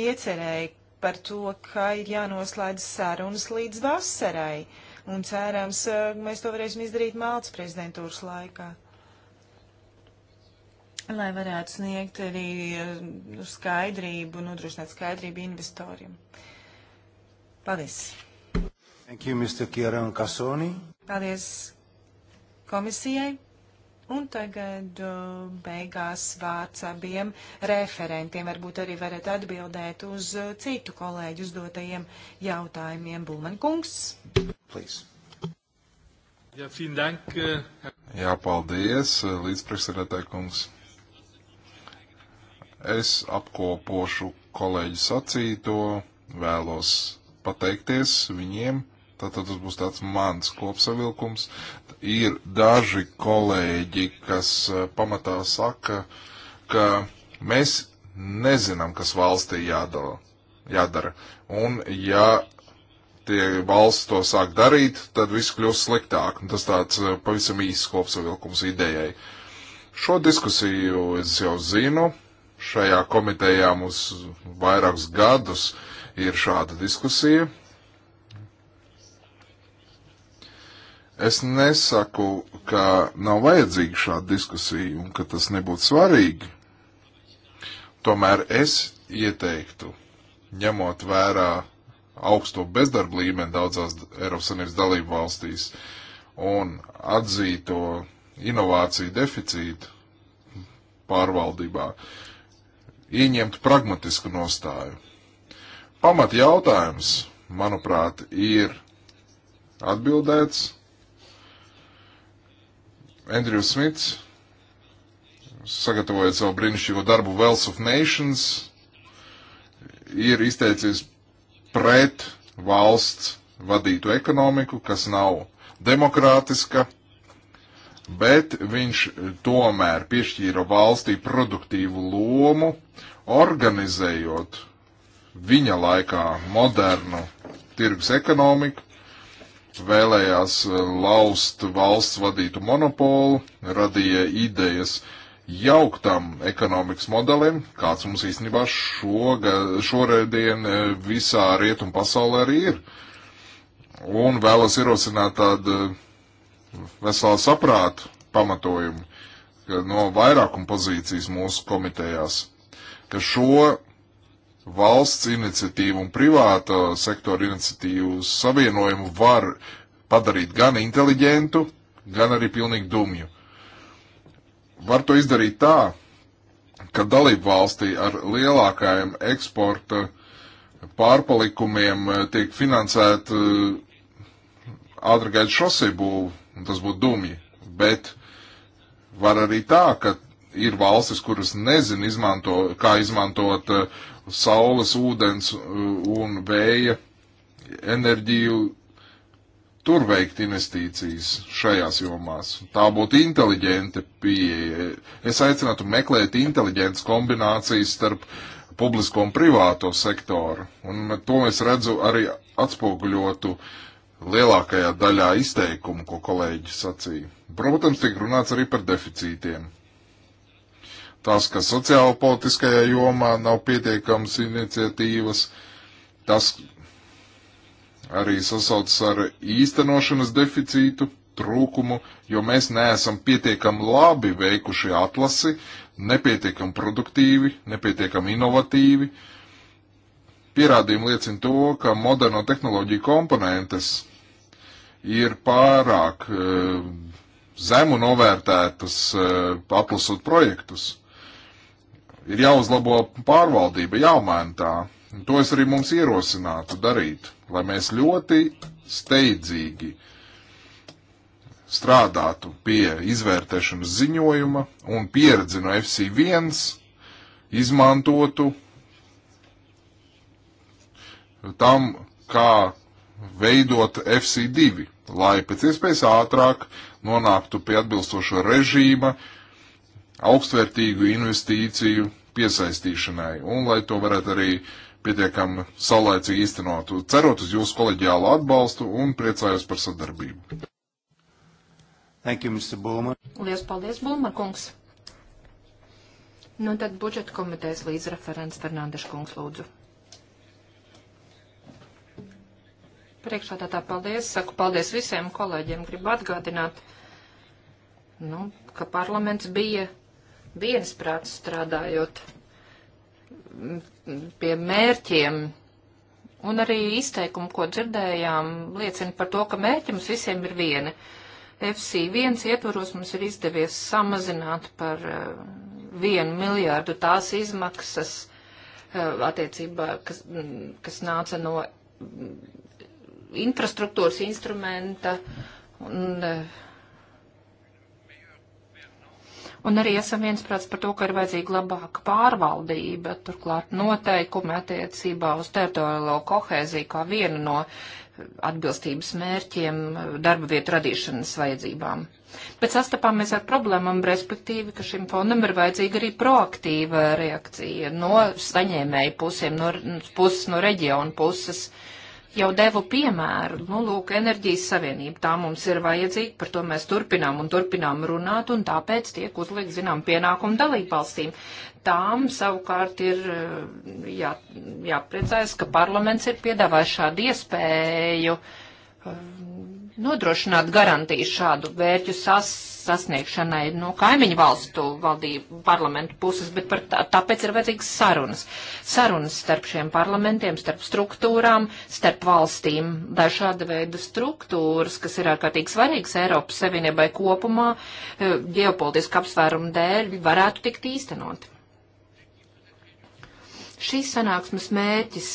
Speaker 3: iecerēji par to, ka ir jānoslēdz sarunas līdz vasarai. Uh, un cerams, eh, mēs to varēsim izdarīt Maltas prezidentūras laikā. Lai varētu sniegt arī eh, skaidrību, nodrošināt skaidrību investoriem. Paldies! Thank you, Mr. Kieran Kasoni. Paldies komisijai. Un tagad uh, beigās vārds abiem referentiem. Varbūt arī varat atbildēt uz uh, citu kolēģu uzdotajiem jautājumiem. Bulman kungs. Please. Jā, dank. Uh,
Speaker 2: Jā paldies, līdzpriekšsēdētāji kungs. Es apkopošu kolēģu sacīto, vēlos pateikties viņiem. Tātad tas būs tāds mans kopsavilkums ir daži kolēģi, kas eh, pamatā saka, ka mēs nezinām, kas valstī jādala, jādara. Un ja tie valsts to sāk darīt, tad viss kļūst sliktāk. Un tas tāds eh, pavisam īsts kopsavilkums idejai. Šo diskusiju es jau zinu. Šajā komitejā mums vairākus gadus ir šāda diskusija. Es nesaku, ka nav vajadzīga šāda diskusija un ka tas nebūtu svarīgi. Tomēr es ieteiktu, ņemot vērā augsto bezdarba līmeni daudzās Eiropas Savienības dalību valstīs un atzīto inovāciju deficītu pārvaldībā, ieņemt pragmatisku nostāju. Pamat jautājums, manuprāt, ir atbildēts Andrews Smits, sagatavojot savu brīnišķīgo darbu Wealth of Nations, ir izteicies pret valsts vadītu ekonomiku, kas nav demokrātiska, bet viņš tomēr piešķīra valstī produktīvu lomu, organizējot viņa laikā modernu tirgus ekonomiku, vēlējās eh, laust valsts vadītu monopolu, radīja idejas jauktam ekonomikas modelim, kāds mums īstenībā šoga, šoredien eh, visā rietum pasaulē arī ir. Un vēlas ierosināt tādu eh, veselā saprātu pamatojumu no vairākuma pozīcijas mūsu komitejās, ka šo valsts iniciatīvu un privāto sektoru iniciatīvu savienojumu var padarīt gan inteliģentu, gan arī pilnīgi dumju. Var to izdarīt tā, ka dalību valstī ar lielākajiem eksporta pārpalikumiem tiek finansēta eh, ātrgaidu šoseibu, un tas būtu dumji. Bet var arī tā, ka ir valstis, kuras nezin izmanto, kā izmantot eh, saules, ūdens un vēja enerģiju, tur veikt investīcijas šajās jomās. Tā būtu inteliģenta pieeja. Es aicinātu meklēt inteliģentas kombinācijas starp publisko un privāto sektoru. Un to es redzu arī atspoguļotu lielākajā daļā izteikumu, ko kolēģi sacīja. Protams, tiek runāts arī par deficītiem tas, ka sociāla politiskajā jomā nav pietiekams iniciatīvas, tas arī sasaucas ar īstenošanas deficītu, trūkumu, jo mēs neesam pietiekami labi veikuši atlasi, nepietiekami produktīvi, nepietiekami inovatīvi. Pierādījumi liecina to, ka moderno tehnoloģiju komponentes ir pārāk e, zemu novērtētas e, eh, atlasot projektus. Ir jāuzlabo pārvaldība, jāmaina tā. To es arī mums ierosinātu darīt, lai mēs ļoti steidzīgi strādātu pie izvērtēšanas ziņojuma un pieredzi no FC1 izmantotu tam, kā veidot FC2, lai pēc iespējas ātrāk nonāktu pie atbilstošo režīma, augstvērtīgu investīciju piesaistīšanai un lai to varētu arī pietiekami saulēcīgi īstenot. Cerot uz jūsu kolēģiālu atbalstu un priecājos par sadarbību. Thank you, Mr. Bulmer.
Speaker 1: Lielas paldies, Bulmer kungs. Nu tad budžeta komitejas līdzreferents Fernandeša kungs lūdzu. Priekšā tā tā paldies, saku paldies visiem kolēģiem, gribu atgādināt, nu, ka parlaments bija vienas prāts strādājot pie mērķiem. Un arī izteikumu, ko dzirdējām, liecina par to, ka mērķi mums visiem ir viena. FC1 ietvaros mums ir izdevies samazināt par eh, vienu miljārdu tās izmaksas eh, attiecībā, kas, mm, kas nāca no mm, infrastruktūras instrumenta. Un, uh, Un arī esam viensprāts par to, ka ir vajadzīga labāka pārvaldība, turklāt noteikumi attiecībā uz teritoriālo kohēziju kā vienu no atbilstības mērķiem darba vietu radīšanas vajadzībām. Bet sastapāmies ar problēmām, respektīvi, ka šim fondam ir vajadzīga arī proaktīva reakcija no saņēmēju pusēm, no puses, no reģiona puses. Uh, jau devu piemēru. Nu, lūk, enerģijas savienība tā mums ir vajadzīga, par to mēs turpinām un turpinām runāt, un tāpēc tiek uzlikt, zinām, pienākumu dalībvalstīm. Tām savukārt ir eh, jā, jāpriecājas, ka parlaments ir piedāvājis šādu iespēju eh, nodrošināt garantiju šādu vērķu sas, sasniegšanai no kaimiņu valstu valdību parlamentu puses, bet par tā, tāpēc ir vajadzīgas sarunas. Sarunas starp šiem parlamentiem, starp struktūrām, starp valstīm, dažāda veida struktūras, kas ir ārkārtīgi svarīgas Eiropas Savienībai kopumā, eh, ģeopolitiska apsvērumu dēļ, varētu tikt īstenot. Šīs sanāksmes mērķis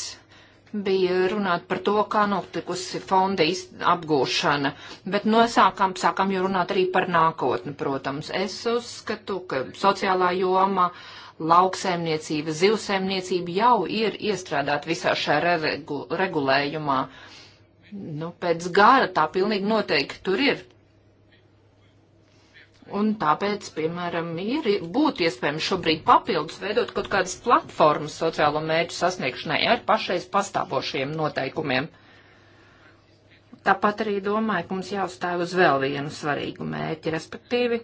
Speaker 1: bija runāt par to, kā notikusi fonda apgūšana, bet nosākam, sākam jau runāt arī par nākotni, protams. Es uzskatu, ka sociālā joma, lauksēmniecība, zivsēmniecība jau ir iestrādāt visā šajā regu, regulējumā. Nu, pēc gara tā pilnīgi noteikti tur ir. Un tāpēc, piemēram, ir būtu iespējams šobrīd papildus veidot kaut kādas platformas sociālo mērķu sasniegšanai ar pašreiz pastāvošiem noteikumiem. Tāpat arī domāju, ka mums jāuzstāv uz vēl vienu svarīgu mērķi, respektīvi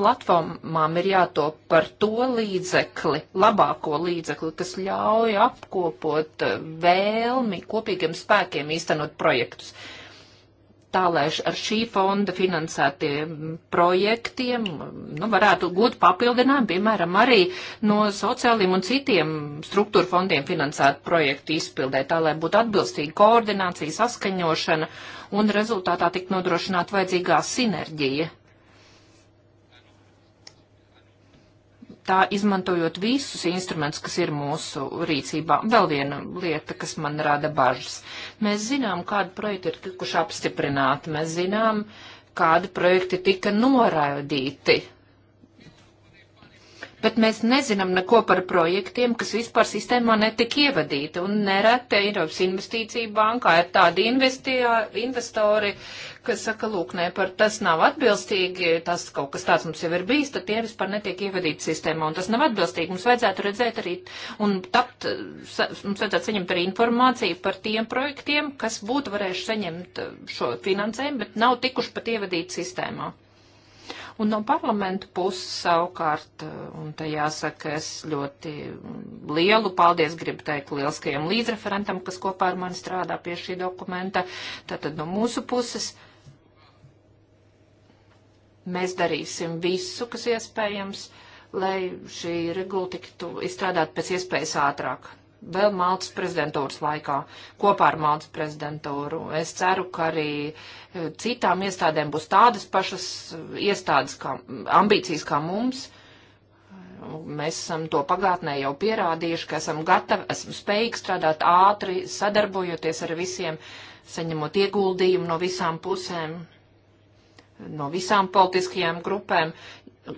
Speaker 1: platformām ir jātop par to līdzekli, labāko līdzekli, kas ļauj apkopot eh, vēlmi kopīgiem spēkiem īstenot projektus. Uh, tā, lai ar šī fonda finansētiem projektiem nu, varētu gūt papildinājumu, piemēram, arī no sociāliem un citiem struktūra fondiem finansētu projektu izpildē, tā, lai būtu atbilstīga koordinācija, saskaņošana un rezultātā tik nodrošināt vajadzīgā sinerģija tā izmantojot visus instrumentus, kas ir mūsu rīcībā. Vēl viena lieta, kas man rada bažas. Mēs zinām, kādi projekti ir tikuši apstiprināti, mēs zinām, kādi projekti tika noraidīti bet mēs nezinām neko par projektiem, kas vispār sistēmā netika ievadīti. Un nereti Eiropas investīcija bankā ir tādi investori, kas saka, lūk, ne, par tas nav atbilstīgi, tas kaut kas tāds mums jau ir bijis, tad tie vispār netiek ievadīti sistēmā. Un tas nav atbilstīgi. Mums vajadzētu redzēt arī un tapt, sa, mums vajadzētu saņemt arī informāciju par tiem projektiem, kas būtu varējuši saņemt eh, šo finansējumu, bet nav tikuši pat ievadīti sistēmā. Un no parlamentu puses savukārt, eh, un te jāsaka, es ļoti lielu paldies gribu teikt lielskajam līdzreferentam, kas kopā ar mani strādā pie šī dokumenta. Tātad no mūsu puses mēs darīsim visu, kas iespējams, lai šī regula tiktu izstrādāt pēc iespējas ātrāk vēl Maltas prezidentūras laikā, kopā ar Maltas prezidentūru. Es ceru, ka arī eh, citām iestādēm būs tādas pašas eh, iestādes, kā, ambīcijas kā mums. Mēs esam to pagātnē jau pierādījuši, ka esam gatavi, esam spējīgi strādāt ātri, sadarbojoties ar visiem, saņemot ieguldījumu no visām pusēm, no visām politiskajām grupēm,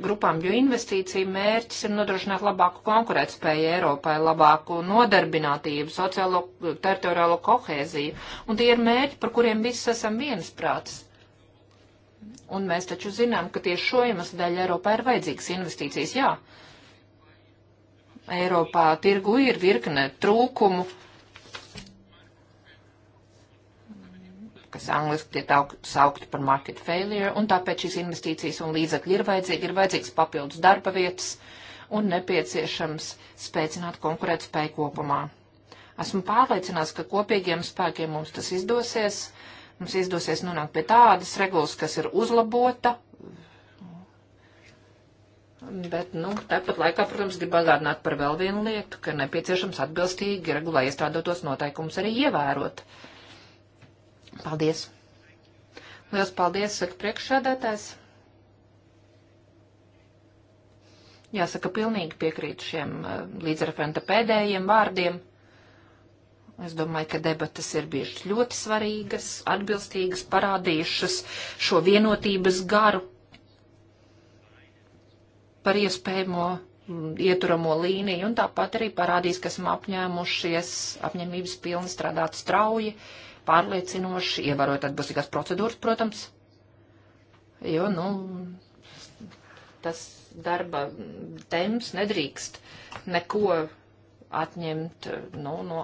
Speaker 1: grupām, jo investīcija mērķis ir nodrošināt labāku konkurētspēju Eiropai, labāku nodarbinātību, sociālo teritoriālo kohēziju. Un tie ir mērķi, par kuriem visi esam viensprāts. Un mēs taču zinām, ka tieši šo iemeslu dēļ Eiropā ir vajadzīgas investīcijas. Jā, Eiropā tirgu ir virkne trūkumu kas angliski tiek saukti par market failure, un tāpēc šīs investīcijas un līdzekļi ir vajadzīgi, ir vajadzīgs papildus darba vietas un nepieciešams spēcināt konkurētspēju kopumā. Esmu pārliecināts, ka kopīgiem spēkiem mums tas izdosies. Mums izdosies nonākt pie tādas regulas, kas ir uzlabota, Bet, nu, tāpat laikā, protams, gribu atgādināt par vēl vienu lietu, ka nepieciešams atbilstīgi regulā iestrādotos noteikumus arī ievērot. Uh, Paldies! Liels paldies, saka priekšsēdētājs. Jāsaka, pilnīgi piekrītu šiem eh, līdzreferenta pēdējiem vārdiem. Es domāju, ka debatas ir bijušas ļoti svarīgas, atbilstīgas, parādījušas šo vienotības garu par iespējamo mm, ieturamo līniju, un tāpat arī parādīs, ka esam apņēmušies apņemības pilni strādāt strauji, uh, pārliecinoši, ievērojot atbilstīgās procedūras, protams, jo, nu, tas darba temps nedrīkst neko atņemt nu, no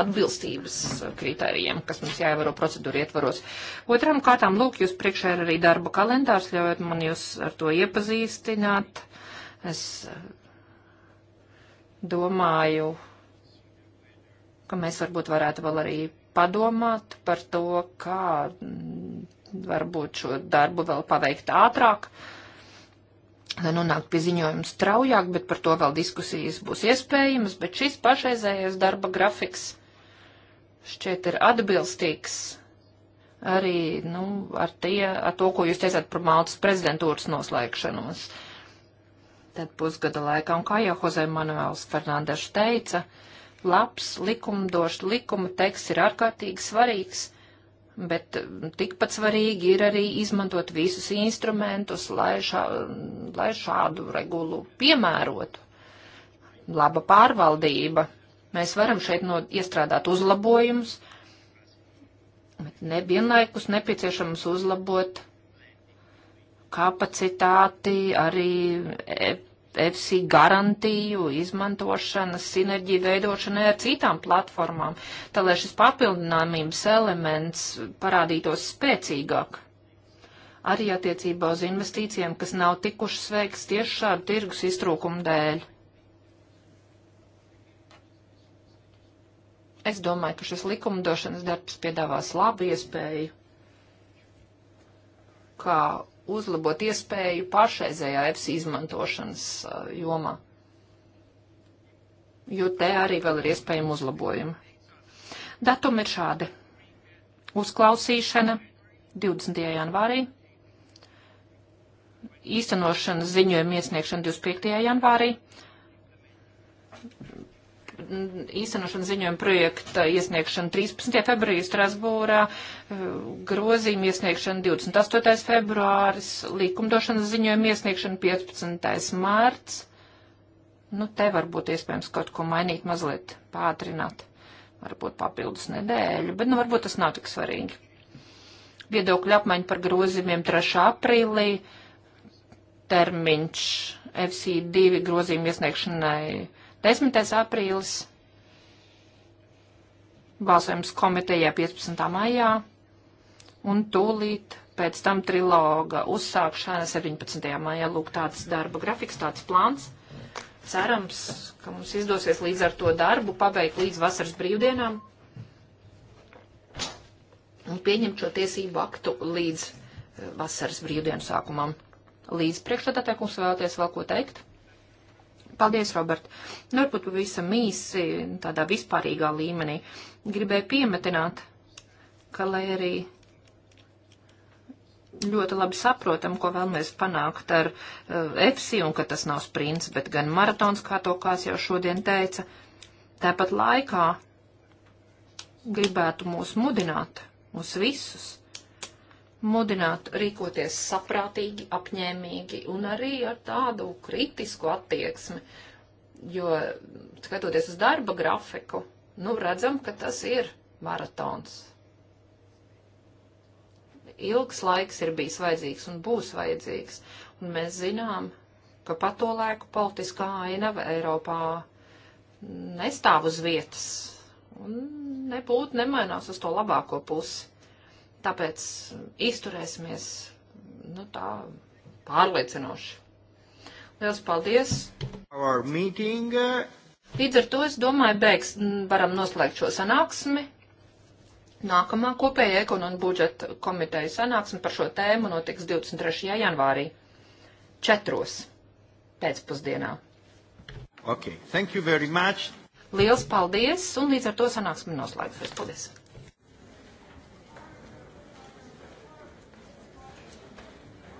Speaker 1: atbilstības kritērijiem, kas mums jāievēro procedūra ietvaros. Otram kārtām, lūk, jūs priekšā ir arī darba kalendārs, ļaujot man jūs ar to iepazīstināt. Es eh, domāju, ka mēs varbūt varētu vēl arī padomāt par to, kā mm, varbūt šo darbu vēl paveikt ātrāk, lai nonāktu pie ziņojuma straujāk, bet par to vēl diskusijas būs iespējamas, bet šis pašreizējais darba grafiks šķiet ir atbilstīgs arī nu, ar, tie, ar to, ko jūs teicāt par Maltas prezidentūras noslēgšanos. Tad pusgada laikā, un kā jau Jose Manuels Fernandes teica, uh, labs likumdošs likuma teksts ir ārkārtīgi svarīgs, bet mm, tikpat svarīgi ir arī izmantot visus instrumentus, lai, šā, lai šādu regulu piemērotu. Laba pārvaldība. Mēs varam šeit no, iestrādāt uzlabojumus, bet ne, vienlaikus nepieciešams uzlabot kapacitāti arī. E EFSI garantiju, izmantošanas, sinerģiju veidošanai ar citām platformām, tā lai šis papildinājumības elements parādītos spēcīgāk. Arī attiecībā uz investīcijiem, kas nav tikušas veikts tieši šādu tirgus iztrūkumu dēļ. Es domāju, ka šis likumdošanas darbs piedāvās labu iespēju, kā uzlabot iespēju pašreizējā EFSI izmantošanas uh, jomā. Jo te arī vēl ir iespējama uzlabojuma. Datumi ir šādi. Uzklausīšana 20. janvārī, īstenošanas ziņojuma iesniegšana 25. janvārī, īstenošanas ziņojuma projekta iesniegšana 13. februārī Strasbūrā, eh, grozījuma iesniegšana 28. februāris, likumdošanas ziņojuma iesniegšana 15. mārts. Nu, te varbūt iespējams kaut ko mainīt, mazliet pātrināt, varbūt papildus nedēļu, bet nu varbūt tas nav tik svarīgi. Viedokļu apmaiņa par grozījumiem 3. aprīlī, termiņš FC2 grozījuma iesniegšanai 10. aprīlis, balsojums komitejā 15. maijā un tūlīt pēc tam triloga uzsākšana 17. maijā. Lūk, tāds darba grafiks, tāds plāns. Cerams, ka mums izdosies līdz ar to darbu pabeigt līdz vasaras brīvdienām un pieņemt šo tiesību aktu līdz eh, vasaras brīvdienu sākumam. Līdz priekšstādātājums vēlaties vēl ko teikt? Paldies, Robert. Nu, varbūt visam īsi, tādā vispārīgā līmenī. Gribēju piemetināt, ka lai arī ļoti labi saprotam, ko vēlamies panākt ar uh, eh, EFSI un ka tas nav sprints, bet gan maratons, kā to kāds jau šodien teica. Tāpat laikā gribētu mūs mudināt, mūs visus, mudinātu rīkoties saprātīgi, apņēmīgi un arī ar tādu kritisku attieksmi, jo skatoties uz darba grafiku, nu redzam, ka tas ir maratons. Ilgs laiks ir bijis vajadzīgs un būs vajadzīgs, un mēs zinām, ka pa to laiku politiskā aina Eiropā nestāv uz vietas un nebūtu nemainās uz to labāko pusi. Tāpēc izturēsimies nu, tā pārliecinoši. Lielas paldies! Uh, līdz ar to es domāju, beigs, varam noslēgt šo sanāksmi. Nākamā kopēja ekonu un budžeta komiteja sanāksme par šo tēmu notiks 23. janvārī. Četros pēcpusdienā.
Speaker 3: Okay, thank you very much.
Speaker 1: Liels paldies, un līdz ar to sanāksmi noslēgsies. Paldies!